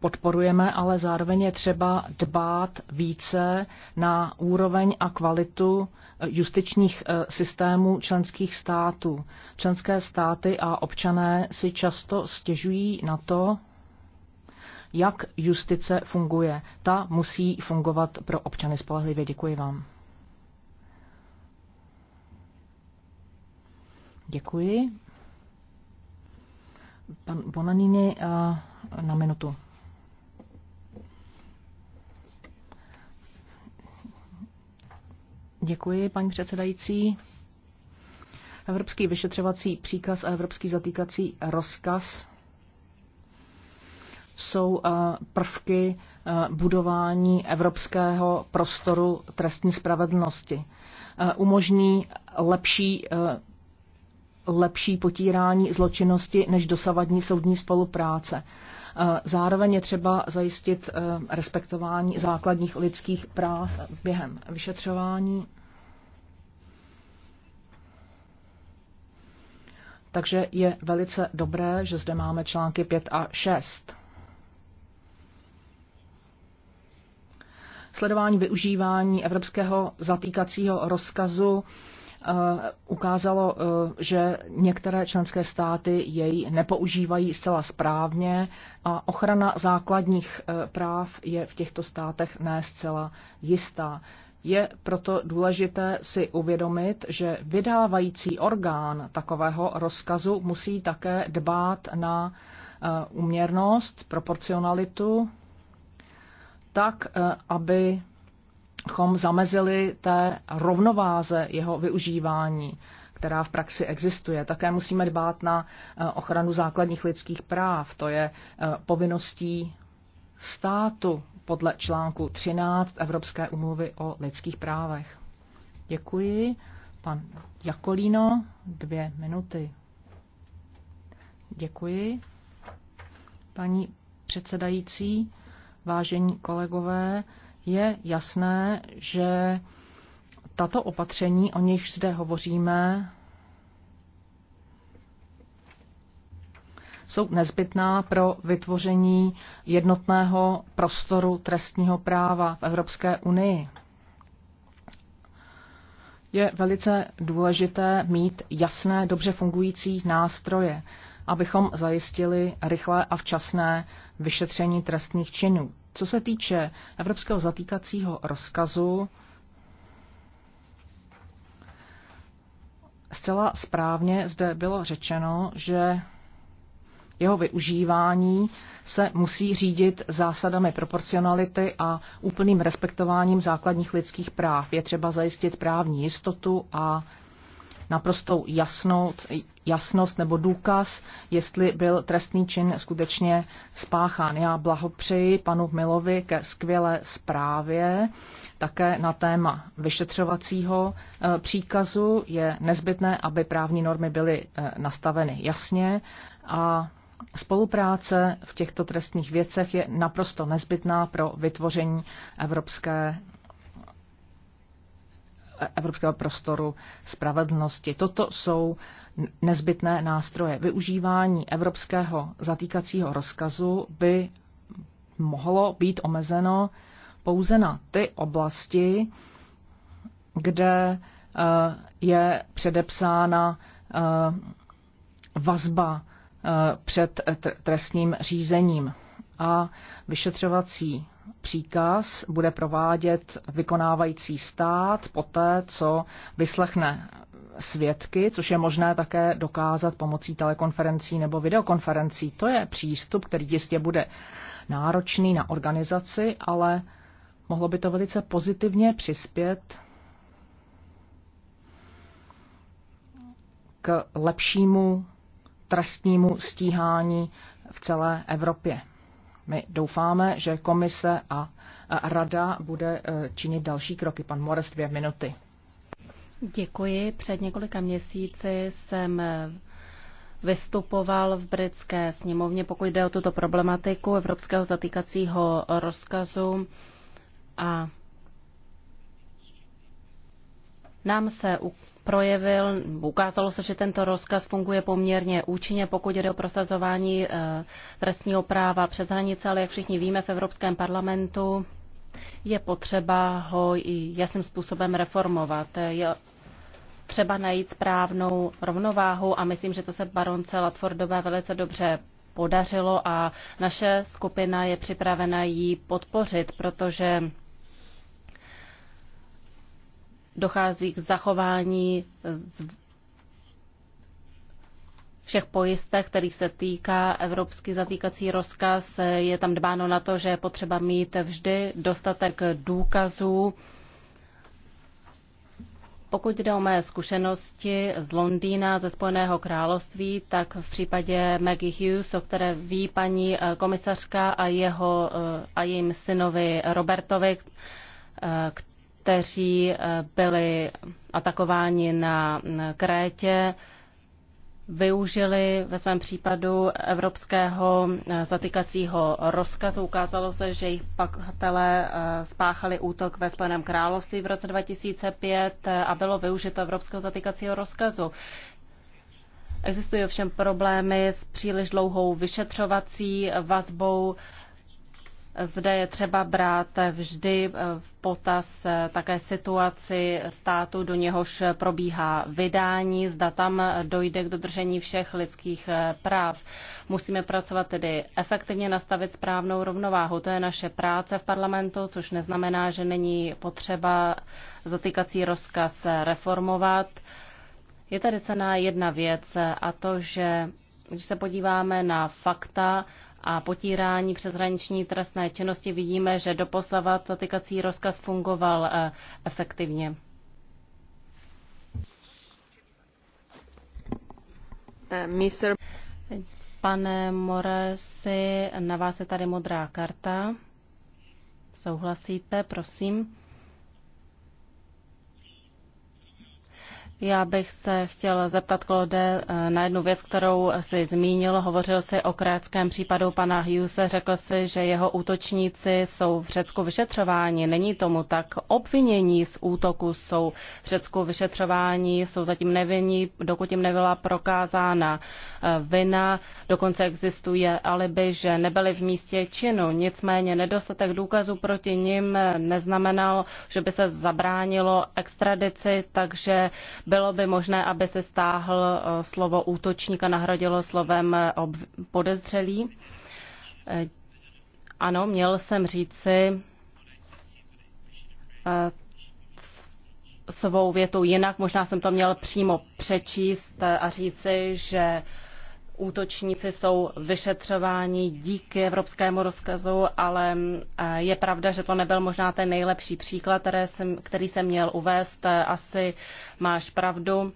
podporujeme, ale zároveň je třeba dbát více na úroveň a kvalitu eh, justičních eh, systémů členských států. Členské státy a občané si často stěžují na to, jak justice funguje. Ta musí fungovat pro občany spolehlivě. Děkuji vám. Děkuji. Pan Bonanini eh, na minutu. Děkuji, paní předsedající. Evropský vyšetřovací příkaz a evropský zatýkací rozkaz jsou eh, prvky eh, budování evropského prostoru trestní spravedlnosti. Eh, umožní lepší lepší potírání zločinnosti než dosavadní soudní spolupráce. Zároveň je třeba zajistit eh, respektování základních lidských práv během vyšetřování. Takže je velice dobré, že zde máme články 5 a 6. Sledování využívání evropského zatýkacího rozkazu Eh, ukázalo, eh, že některé členské státy jej nepoužívají zcela správně a ochrana základních eh, práv je v těchto státech ne zcela jistá. Je proto důležité si uvědomit, že vydávající orgán takového rozkazu musí také dbát na uměrnost, proporcionalitu, tak, aby abychom zamezili té rovnováze jeho využívání, která v praxi existuje. Také musíme dbát na eh, ochranu základních lidských práv. To je eh, povinností státu podle článku 13 Evropské umluvy o lidských právech. Děkuji. Pan Jakolíno, dvě minuty. Děkuji. Paní předsedající, vážení kolegové, je jasné, že tato opatření, o nich zde hovoříme, jsou nezbytná pro vytvoření jednotného prostoru trestního práva v Evropské unii. Je velice důležité mít jasné, dobře fungující nástroje, abychom zajistili rychlé a včasné vyšetření trestných činů. Co se týče evropského zatýkacího rozkazu, zcela správně zde bylo řečeno, že jeho využívání se musí řídit zásadami proporcionality a úplným respektováním základních lidských práv. Je třeba zajistit právní jistotu a naprostou jasnost, jasnost nebo důkaz, jestli byl trestný čin skutečně spáchán. Já blahopřeji panu Milovi ke skvělé zprávě, také na téma vyšetřovacího eh, příkazu. Je nezbytné, aby právní normy byly eh, nastaveny jasně a Spolupráce v těchto trestních věcech je naprosto nezbytná pro vytvoření evropské evropského prostoru spravedlnosti. Toto jsou nezbytné nástroje. Využívání evropského zatýkacího rozkazu by mohlo být omezeno pouze na ty oblasti, kde eh, je předepsána eh, vazba eh, před trestním řízením a vyšetřovací příkaz bude provádět vykonávající stát poté, co vyslechne svědky, což je možné také dokázat pomocí telekonferencí nebo videokonferencí. To je přístup, který jistě bude náročný na organizaci, ale mohlo by to velice pozitivně přispět k lepšímu trestnímu stíhání v celé Evropě. My doufáme, že komise a rada bude e, činit další kroky. Pan Morest, dvě minuty. Děkuji. Před několika měsíci jsem vystupoval v britské sněmovně, pokud jde o tuto problematiku evropského zatýkacího rozkazu a nám se projevil, ukázalo se, že tento rozkaz funguje poměrně účinně, pokud jde o prosazování eh, trestního práva přes hranice, ale jak všichni víme v Evropském parlamentu, je potřeba ho i jasným způsobem reformovat. Je třeba najít správnou rovnováhu a myslím, že to se baronce Latfordové velice dobře podařilo a naše skupina je připravena ji podpořit, protože dochází k zachování všech pojistek, kterých se týká evropský zatýkací rozkaz. Je tam dbáno na to, že je potřeba mít vždy dostatek důkazů. Pokud jde o mé zkušenosti z Londýna, ze Spojeného království, tak v případě Maggie Hughes, o které ví paní eh, komisařka a, jeho, eh, a jejím synovi Robertovi, eh, kteří eh, byli atakováni na Krétě, využili ve svém případu evropského eh, zatykacího rozkazu. Ukázalo se, že jejich pachatelé eh, spáchali útok ve Spojeném království v roce 2005 a bylo využito evropského zatykacího rozkazu. Existují ovšem problémy s příliš dlouhou vyšetřovací vazbou zde je třeba brát vždy v potaz také situaci státu, do něhož probíhá vydání, zda tam dojde k dodržení všech lidských práv. Musíme pracovat tedy efektivně nastavit správnou rovnováhu. To je naše práce v parlamentu, což neznamená, že není potřeba zatýkací rozkaz reformovat. Je tady cená jedna věc a to, že když se podíváme na fakta, a potírání přeshraniční trestné činnosti vidíme, že doposavat zatýkací rozkaz fungoval eh, efektivně. Eh, Pane Moresi, na vás je tady modrá karta. Souhlasíte, prosím. Já bych se chtěl zeptat, Klode, eh, na jednu věc, kterou si zmínil. Hovořil si o krátkém případu pana Hughese. Řekl si, že jeho útočníci jsou v Řecku vyšetřováni. Není tomu tak. Obvinění z útoku jsou v Řecku vyšetřováni, jsou zatím nevinní, dokud jim nebyla prokázána eh, vina. Dokonce existuje alibi, že nebyli v místě činu. Nicméně nedostatek důkazů proti nim eh, neznamenal, že by se zabránilo extradici, takže bylo by možné, aby se stáhl eh, slovo útočník a nahradilo slovem eh, podezřelý. Eh, ano, měl jsem říci svou větou jinak, možná jsem to měl přímo přečíst a říci, že útočníci jsou vyšetřováni díky evropskému rozkazu, ale eh, je pravda, že to nebyl možná ten nejlepší příklad, který jsem, který jsem měl uvést. Asi máš pravdu.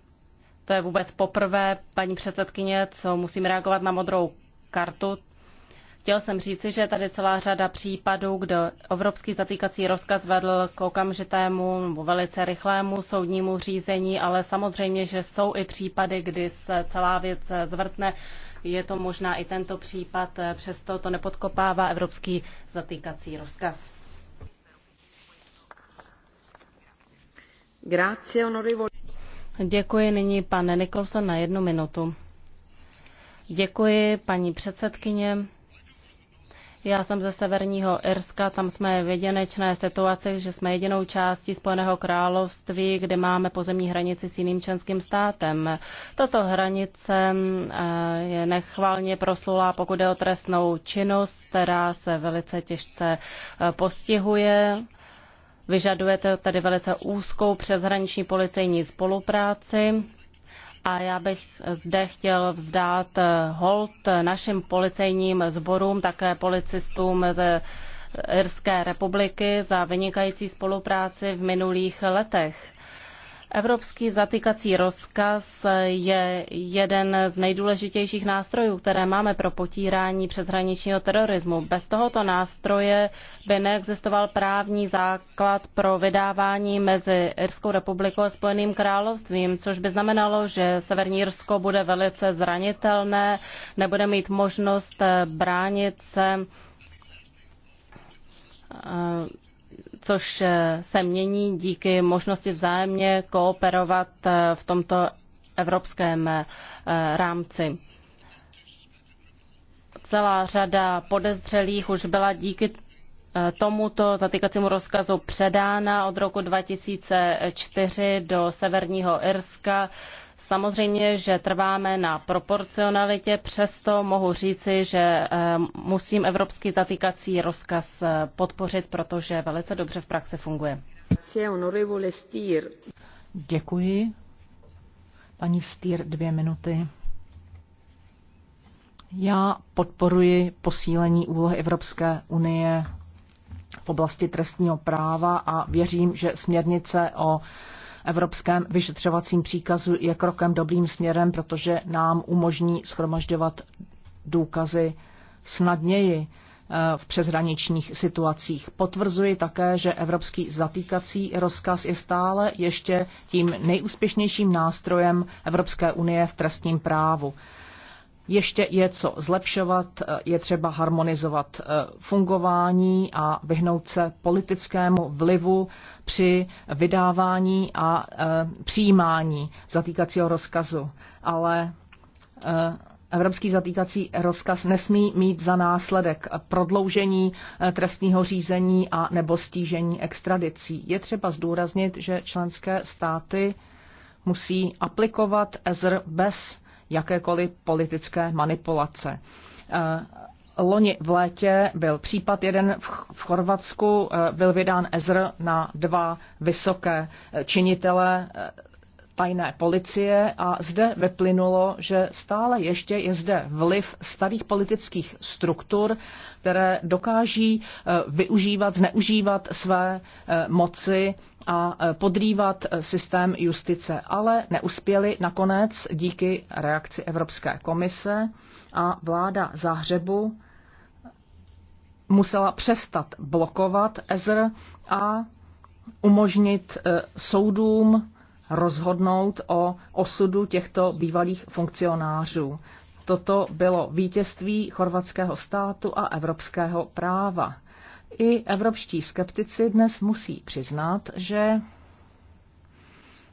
To je vůbec poprvé, paní předsedkyně, co musím reagovat na modrou kartu. Chtěl jsem říci, že tady celá řada případů, kde evropský zatýkací rozkaz vedl k okamžitému nebo velice rychlému soudnímu řízení, ale samozřejmě, že jsou i případy, kdy se celá věc zvrtne. Je to možná i tento případ, přesto to nepodkopává evropský zatýkací rozkaz. Děkuji nyní pane Nicholson na jednu minutu. Děkuji paní předsedkyně. Já jsem ze severního Irska, tam jsme v jedinečné situaci, že jsme jedinou částí Spojeného království, kde máme pozemní hranici s jiným členským státem. Tato hranice eh, je nechválně proslulá, pokud je o trestnou činnost, která se velice těžce eh, postihuje. Vyžadujete tady velice úzkou přeshraniční policejní spolupráci a já bych zde chtěl vzdát eh, hold našim policejním sborům, také policistům ze Irské republiky za vynikající spolupráci v minulých letech. Evropský zatýkací rozkaz je jeden z nejdůležitějších nástrojů, které máme pro potírání přeshraničního terorismu. Bez tohoto nástroje by neexistoval právní základ pro vydávání mezi Irskou republikou a Spojeným královstvím, což by znamenalo, že Severní Irsko bude velice zranitelné, nebude mít možnost bránit se eh, což eh, se mění díky možnosti vzájemně kooperovat eh, v tomto evropském eh, rámci. Celá řada podezřelých už byla díky tomuto zatýkacímu rozkazu předána od roku 2004 do severního Irska, Samozřejmě, že trváme na proporcionalitě, přesto mohu říci, že eh, musím evropský zatýkací rozkaz eh, podpořit, protože velice dobře v praxi funguje. Děkuji. Paní Stýr, dvě minuty. Já podporuji posílení úlohy Evropské unie v oblasti trestního práva a věřím, že směrnice o evropském vyšetřovacím příkazu je krokem dobrým směrem, protože nám umožní schromažďovat důkazy snadněji eh, v přeshraničních situacích. Potvrzuji také, že evropský zatýkací rozkaz je stále ještě tím nejúspěšnějším nástrojem Evropské unie v trestním právu. Ještě je co zlepšovat, eh, je třeba harmonizovat eh, fungování a vyhnout se politickému vlivu při vydávání a eh, přijímání zatýkacího rozkazu. Ale Evropský zatýkací rozkaz nesmí mít za následek prodloužení trestního řízení a nebo stížení extradicí. Je třeba zdůraznit, že členské státy musí aplikovat EZR bez jakékoliv politické manipulace. Eh, loni v létě byl případ jeden v Chorvatsku, eh, byl vydán Ezr na dva vysoké eh, činitele tajné policie a zde vyplynulo, že stále ještě je zde vliv starých politických struktur, které dokáží eh, využívat, zneužívat své eh, moci a eh, podrývat systém justice, ale neuspěli nakonec díky reakci Evropské komise a vláda Zahřebu musela přestat blokovat EZR a umožnit soudům rozhodnout o osudu těchto bývalých funkcionářů. Toto bylo vítězství chorvatského státu a evropského práva. I evropští skeptici dnes musí přiznat, že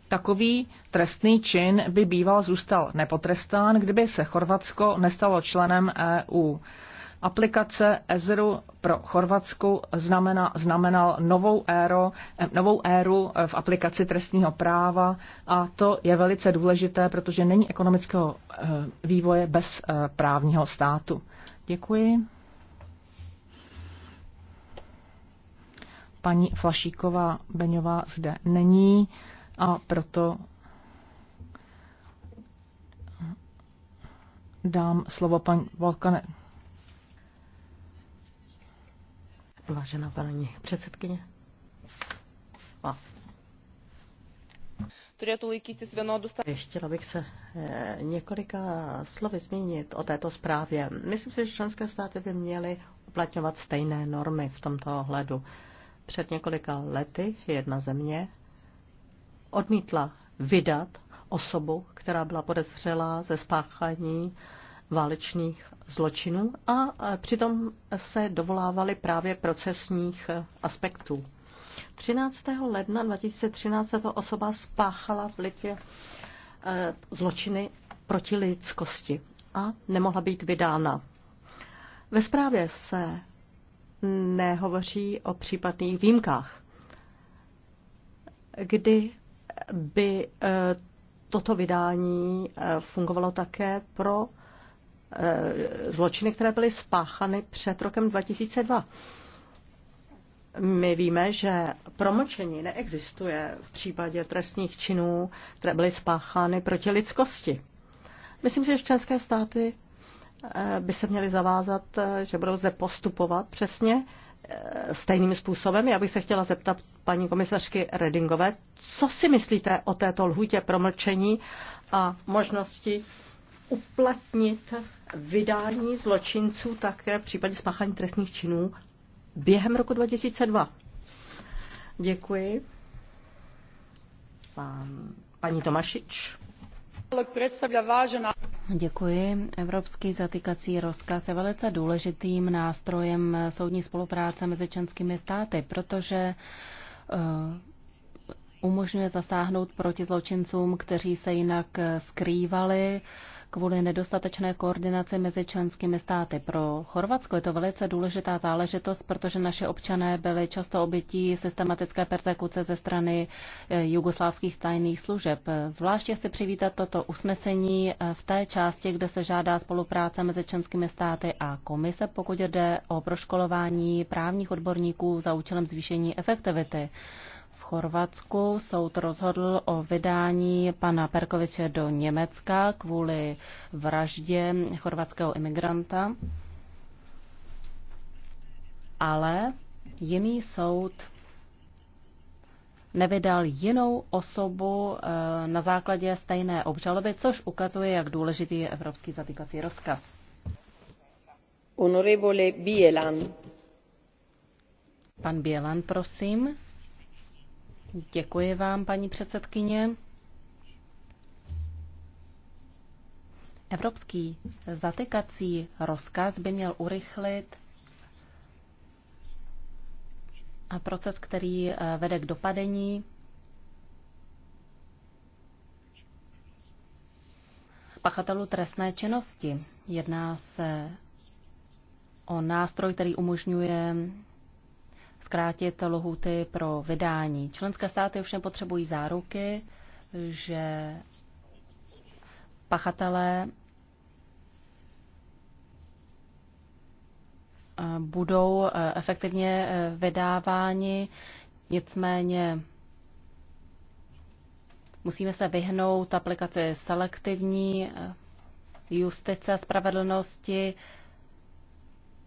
Takový trestný čin by býval zůstal nepotrestán, kdyby se Chorvatsko nestalo členem EU. Aplikace EZRu pro Chorvatsku znamená, znamenal novou, éro, eh, novou éru eh, v aplikaci trestního práva a to je velice důležité, protože není ekonomického eh, vývoje bez právního státu. Děkuji. Paní Flašíková Beňová zde není a proto dám slovo paní Volkane. Vážená paní předsedkyně. A. Ještě bych se eh, několika slovy zmínit o této zprávě. Myslím si, že členské státy by měly uplatňovat stejné normy v tomto ohledu. Před několika lety jedna země odmítla vydat osobu, která byla podezřelá ze spáchání válečných zločinů a přitom se dovolávali právě procesních eh, aspektů. 13. ledna 2013 tato osoba spáchala v Litvě eh, zločiny proti lidskosti a nemohla být vydána. Ve zprávě se nehovoří o případných výjimkách, kdy by eh, toto vydání fungovalo také pro Eh, zločiny, které byly spáchany před rokem 2002. My víme, že promlčení neexistuje v případě trestních činů, které byly spáchány proti lidskosti. Myslím si, že členské státy eh, by se měly zavázat, eh, že budou zde postupovat přesně stejným způsobem. Já bych se chtěla zeptat paní komisařky Redingové, co si myslíte o této lhůtě promlčení a možnosti uplatnit vydání zločinců také v případě spáchání trestných činů během roku 2002. Děkuji. Pán, paní Tomašič. Děkuji. Evropský zatýkací rozkaz je velice důležitým nástrojem soudní spolupráce mezi členskými státy, protože eh, umožňuje zasáhnout proti zločincům, kteří se jinak eh, skrývali kvůli nedostatečné koordinaci mezi členskými státy. Pro Chorvatsko je to velice důležitá záležitost, protože naše občané byli často obětí systematické persekuce ze strany eh, jugoslávských tajných služeb. Zvláště chci přivítat toto usnesení eh, v té části, kde se žádá spolupráce mezi členskými státy a komise, pokud jde o proškolování právních odborníků za účelem zvýšení efektivity. Chorvatsku soud rozhodl o vydání pana Perkoviče do Německa kvůli vraždě chorvatského imigranta, ale jiný soud nevydal jinou osobu eh, na základě stejné obžaloby, což ukazuje, jak důležitý je evropský zatýkací rozkaz. Honorevole Bielan. Pan Bielan, prosím. Děkuji vám, paní předsedkyně. Evropský zatykací rozkaz by měl urychlit a proces, který eh, vede k dopadení. pachatelů trestné činnosti. Jedná se o nástroj, který umožňuje zkrátit lohuty pro vydání. Členské státy ovšem potřebují záruky, že pachatelé eh, budou eh, efektivně eh, vydáváni, nicméně musíme se vyhnout aplikaci selektivní justice spravedlnosti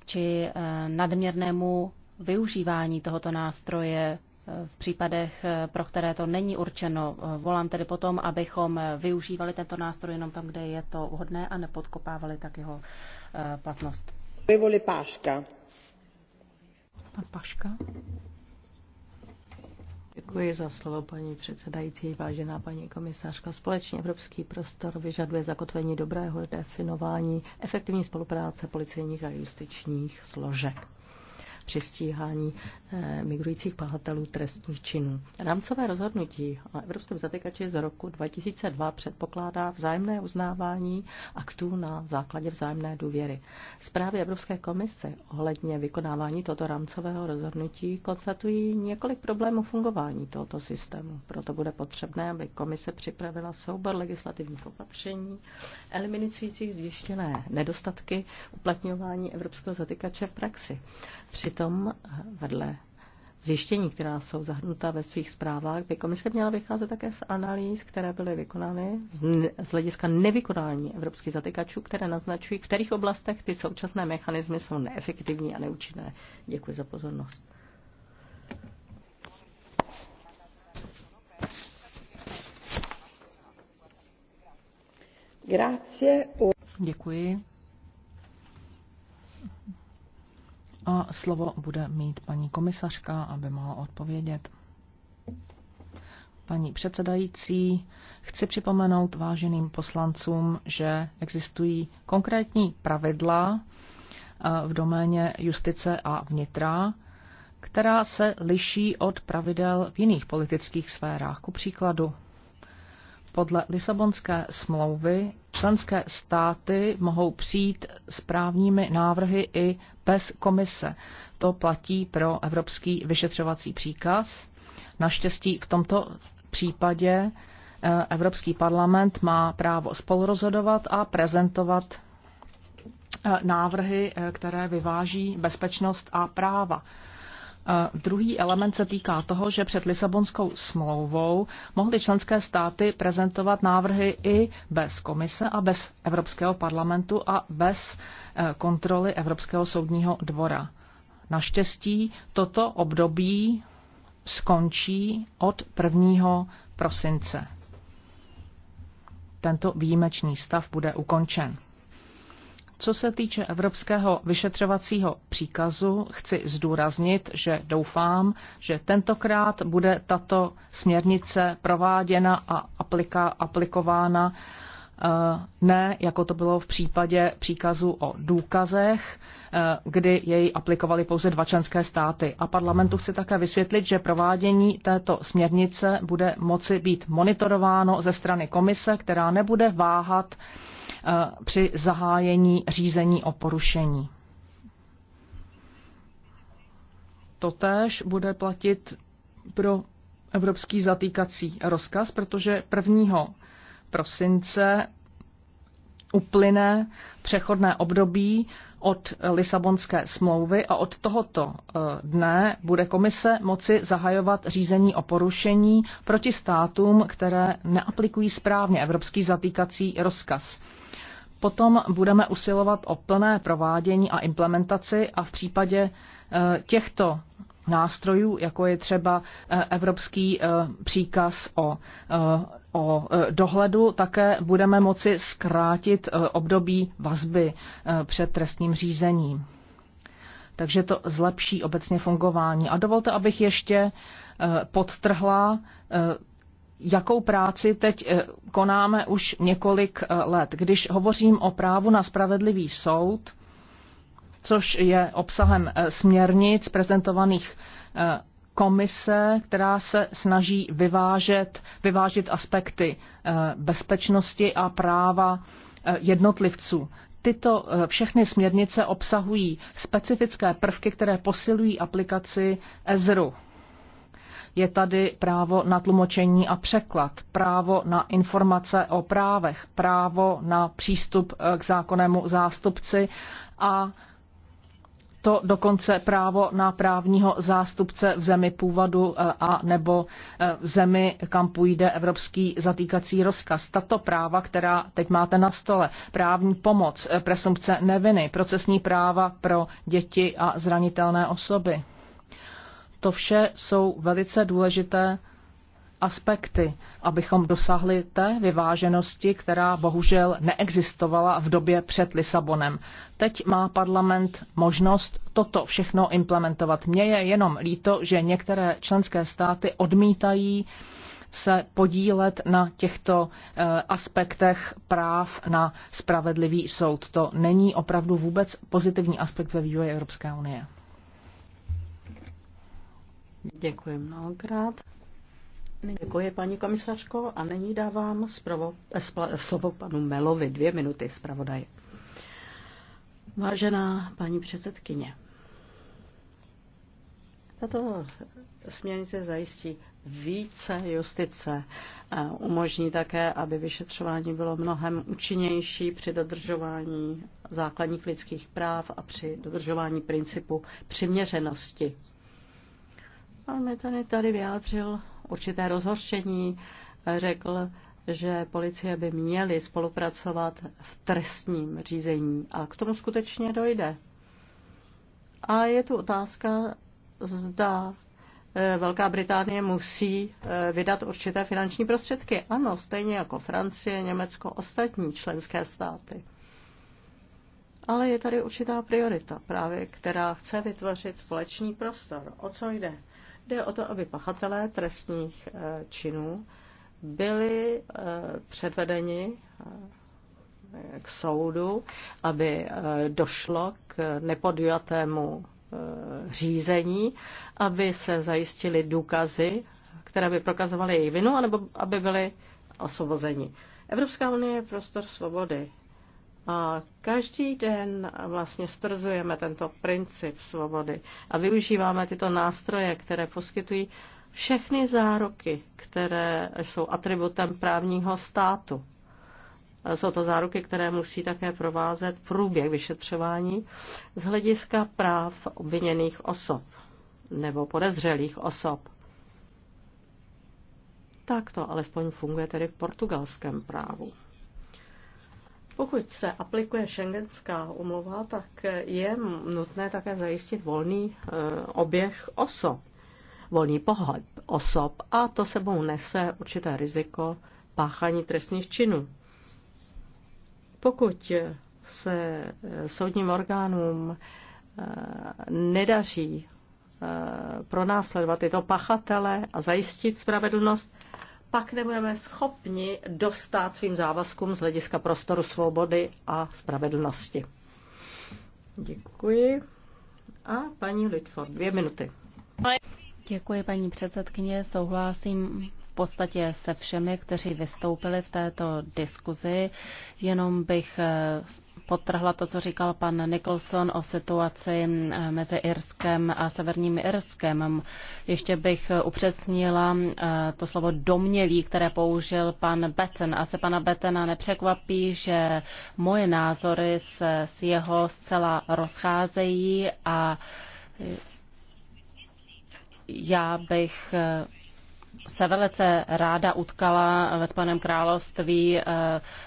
či nadměrnému využívání tohoto nástroje eh, v případech, eh, pro které to není určeno. Eh, volám tedy potom, abychom využívali tento nástroj jenom tam, kde je to vhodné a nepodkopávali tak jeho platnost. Páška. Pan Paška. Děkuji za slovo, paní předsedající, vážená paní komisařka. Společně Evropský prostor vyžaduje zakotvení dobrého definování efektivní spolupráce policejních a justičních složek při stíhání eh, migrujících pahatelů trestních činů. Rámcové rozhodnutí o Evropském zatykači z roku 2002 předpokládá vzájemné uznávání aktů na základě vzájemné důvěry. Zprávy Evropské komise ohledně vykonávání tohoto rámcového rozhodnutí konstatují několik problémů fungování tohoto systému. Proto bude potřebné, aby komise připravila soubor legislativních opatření, eliminujících zjištěné nedostatky uplatňování evropského zatykače v praxi. Při Přitom vedle zjištění, která jsou zahrnuta ve svých zprávách, by komise měla vycházet také z analýz, které byly vykonány z hlediska nevykonání evropských zatykačů, které naznačují, v kterých oblastech ty současné mechanismy jsou neefektivní a neúčinné. Děkuji za pozornost. Grazie. Děkuji. A slovo bude mít paní komisařka, aby mohla odpovědět. Paní předsedající, chci připomenout váženým poslancům, že existují konkrétní pravidla eh, v doméně justice a vnitra, která se liší od pravidel v jiných politických sférách. Ku příkladu podle Lisabonské smlouvy členské státy mohou přijít s právními návrhy i bez komise. To platí pro evropský vyšetřovací příkaz. Naštěstí v tomto případě eh, Evropský parlament má právo spolurozhodovat a prezentovat eh, návrhy, eh, které vyváží bezpečnost a práva. Druhý element se týká toho, že před Lisabonskou smlouvou mohly členské státy prezentovat návrhy i bez komise a bez Evropského parlamentu a bez eh, kontroly Evropského soudního dvora. Naštěstí toto období skončí od 1. prosince. Tento výjimečný stav bude ukončen. Co se týče evropského vyšetřovacího příkazu, chci zdůraznit, že doufám, že tentokrát bude tato směrnice prováděna a aplika, aplikována eh, ne, jako to bylo v případě příkazu o důkazech, eh, kdy jej aplikovaly pouze dva členské státy. A parlamentu chci také vysvětlit, že provádění této směrnice bude moci být monitorováno ze strany komise, která nebude váhat Eh, při zahájení řízení o porušení. Totéž bude platit pro evropský zatýkací rozkaz, protože 1. prosince uplyne přechodné období od Lisabonské smlouvy a od tohoto eh, dne bude komise moci zahajovat řízení o porušení proti státům, které neaplikují správně evropský zatýkací rozkaz. Potom budeme usilovat o plné provádění a implementaci a v případě e, těchto nástrojů, jako je třeba e, evropský e, příkaz o, o dohledu, také budeme moci zkrátit období vazby před trestním řízením. Takže to zlepší obecně fungování. A dovolte, abych ještě podtrhla jakou práci teď eh, konáme už několik eh, let. Když hovořím o právu na spravedlivý soud, což je obsahem eh, směrnic prezentovaných komise, která se snaží vyvážet, vyvážit aspekty bezpečnosti a práva jednotlivců. Tyto všechny směrnice obsahují specifické prvky, které posilují aplikaci EZRu je tady právo na tlumočení a překlad, právo na informace o právech, právo na přístup eh, k zákonnému zástupci a to dokonce právo na právního zástupce v zemi původu eh, a nebo eh, v zemi, kam půjde evropský zatýkací rozkaz. Tato práva, která teď máte na stole, právní pomoc, presumpce neviny, procesní práva pro děti a zranitelné osoby. To vše jsou velice důležité aspekty, abychom dosáhli té vyváženosti, která bohužel neexistovala v době před Lisabonem. Teď má parlament možnost toto všechno implementovat. Mně je jenom líto, že některé členské státy odmítají se podílet na těchto eh, aspektech práv na spravedlivý soud. To není opravdu vůbec pozitivní aspekt ve vývoji Evropské unie. Děkuji mnohokrát. Děkuji, paní komisařko. A nyní dávám zpravo, eh, eh, slovo panu Melovi. Dvě minuty, zpravodaj. Vážená paní předsedkyně, tato směrnice zajistí více justice. Umožní také, aby vyšetřování bylo mnohem účinnější při dodržování základních lidských práv a při dodržování principu přiměřenosti Pan Metany tady vyjádřil určité rozhoršení, řekl, že policie by měly spolupracovat v trestním řízení a k tomu skutečně dojde. A je tu otázka, zda e, Velká Británie musí e, vydat určité finanční prostředky. Ano, stejně jako Francie, Německo, ostatní členské státy. Ale je tady určitá priorita právě, která chce vytvořit společný prostor. O co jde? Jde o to, aby pachatelé trestních eh, činů byli eh, předvedeni eh, k soudu, aby došlo k nepodujatému řízení, aby se zajistili důkazy, které by prokazovaly její vinu, anebo aby byly osvobozeni. Evropská unie je prostor svobody. A každý den vlastně strzujeme tento princip svobody a využíváme tyto nástroje, které poskytují všechny záruky, které jsou atributem právního státu. Jsou to záruky, které musí také provázet průběh vyšetřování z hlediska práv obviněných osob nebo podezřelých osob. Tak to alespoň funguje tedy v portugalském právu. Pokud se aplikuje šengenská umluva, tak je nutné také zajistit volný eh, oběh osob, volný pohyb osob a to sebou nese určité riziko páchání trestních činů. Pokud se eh, soudním orgánům eh, nedaří pronásledovat tyto pachatele a zajistit spravedlnost, pak nebudeme schopni dostat svým závazkům z hlediska prostoru svobody a spravedlnosti. Děkuji. A paní Lidford, dvě minuty. Děkuji, paní předsedkyně. Souhlasím v podstatě se všemi, kteří vystoupili v této diskuzi. Jenom bych potrhla to, co říkal pan Nicholson o situaci eh, mezi Irskem a Severním Irskem. Ještě bych upřesnila eh, to slovo domnělí, které použil pan Betten. A se pana Bettena nepřekvapí, že moje názory se s jeho zcela rozcházejí a já bych eh, se velice ráda utkala ve Spojeném království eh,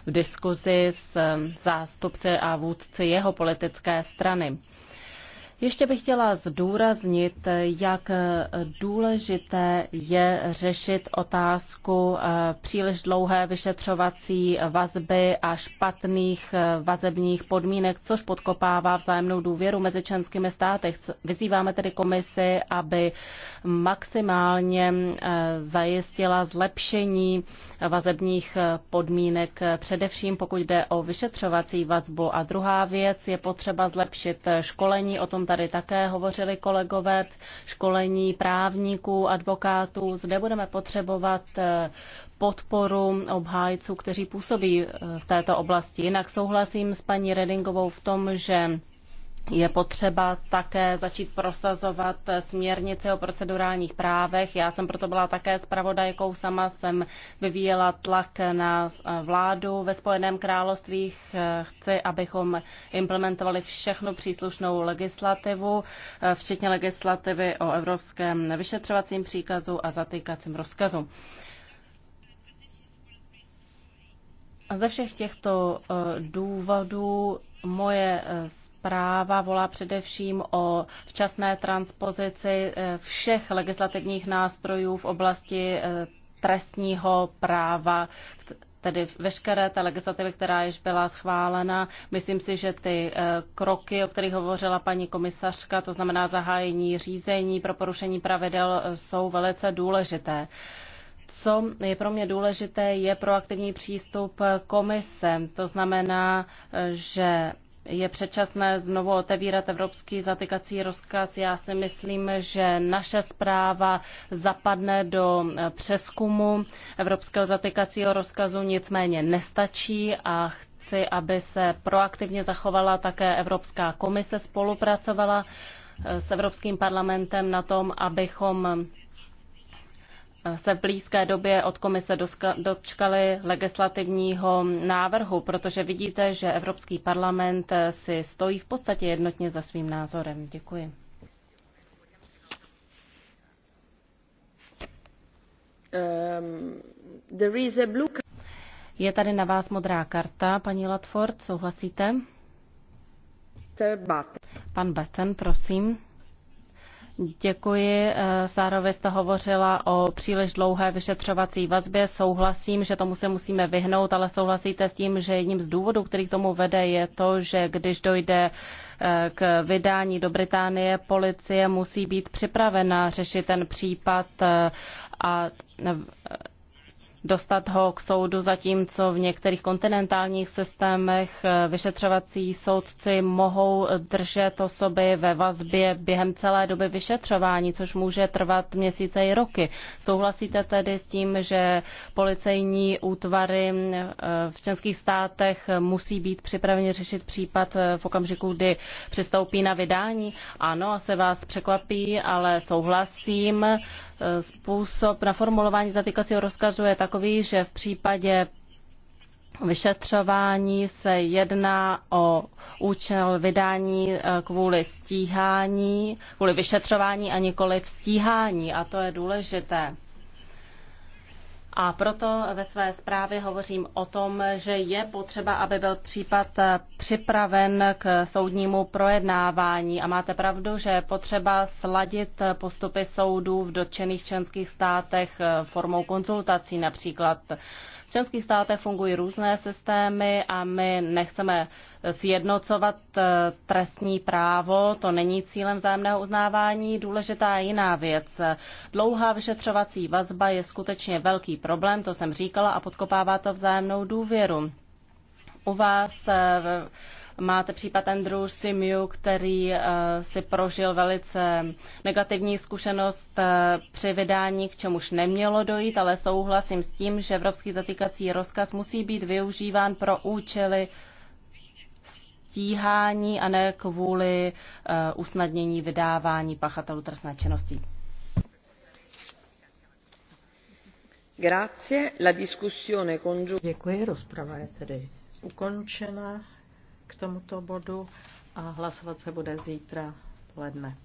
v diskuzi s eh, zástupci a vůdci jeho politické strany. Ještě bych chtěla zdůraznit, jak důležité je řešit otázku eh, příliš dlouhé vyšetřovací vazby a špatných eh, vazebních podmínek, což podkopává vzájemnou důvěru mezi členskými státy. Vyzýváme tedy komisi, aby maximálně eh, zajistila zlepšení vazebních podmínek, především pokud jde o vyšetřovací vazbu. A druhá věc je potřeba zlepšit školení o tom, tady také hovořili kolegové, školení právníků, advokátů. Zde budeme potřebovat eh, podporu obhájců, kteří působí eh, v této oblasti. Jinak souhlasím s paní Redingovou v tom, že je potřeba také začít prosazovat směrnice o procedurálních právech. Já jsem proto byla také zpravodajkou, sama jsem vyvíjela tlak na vládu ve Spojeném království. Chci, abychom implementovali všechnu příslušnou legislativu, včetně legislativy o evropském vyšetřovacím příkazu a zatýkacím rozkazu. A ze všech těchto eh, důvodů moje eh, zpráva volá především o včasné transpozici eh, všech legislativních nástrojů v oblasti eh, trestního práva, tedy veškeré ta legislativy, která již byla schválena. Myslím si, že ty eh, kroky, o kterých hovořila paní komisařka, to znamená zahájení řízení pro porušení pravidel, jsou velice důležité. Co je pro mě důležité, je proaktivní přístup komise. To znamená, že je předčasné znovu otevírat evropský zatykací rozkaz. Já si myslím, že naše zpráva zapadne do přeskumu evropského zatykacího rozkazu, nicméně nestačí a chci, aby se proaktivně zachovala také Evropská komise, spolupracovala s Evropským parlamentem na tom, abychom se v blízké době od komise dočkali legislativního návrhu, protože vidíte, že Evropský parlament si stojí v podstatě jednotně za svým názorem. Děkuji. Um, Je tady na vás modrá karta, paní Latford, souhlasíte? Pan Batten, prosím. Děkuji. Eh, Sárovi jste hovořila o příliš dlouhé vyšetřovací vazbě. Souhlasím, že tomu se musíme vyhnout, ale souhlasíte s tím, že jedním z důvodů, který k tomu vede, je to, že když dojde eh, k vydání do Británie, policie musí být připravena řešit ten případ eh, a dostat ho k soudu, zatímco v některých kontinentálních systémech eh, vyšetřovací soudci mohou držet osoby ve vazbě během celé doby vyšetřování, což může trvat měsíce i roky. Souhlasíte tedy s tím, že policejní útvary eh, v českých státech musí být připraveni řešit případ eh, v okamžiku, kdy přistoupí na vydání? Ano, asi vás překvapí, ale souhlasím. Eh, způsob na formulování zatýkacího rozkazu je takový, že v případě vyšetřování se jedná o účel vydání eh, kvůli stíhání, kvůli vyšetřování a nikoli v stíhání a to je důležité. A proto ve své zprávě hovořím o tom, že je potřeba, aby byl případ připraven k soudnímu projednávání. A máte pravdu, že je potřeba sladit postupy soudů v dotčených členských státech formou konzultací například v členských státech fungují různé systémy a my nechceme sjednocovat eh, trestní právo, to není cílem vzájemného uznávání. Důležitá je jiná věc. Dlouhá vyšetřovací vazba je skutečně velký problém, to jsem říkala, a podkopává to vzájemnou důvěru. U vás eh, Máte případ Andrew Simiu, který eh, si prožil velice negativní zkušenost eh, při vydání, k čemuž nemělo dojít, ale souhlasím s tím, že evropský zatýkací rozkaz musí být využíván pro účely stíhání a ne kvůli eh, usnadnění vydávání pachatelů trestné činnosti. Grazie. La discussione congiunta. Děkuji, rozprava je tedy ukončena k tomuto bodu a hlasovat se bude zítra poledne.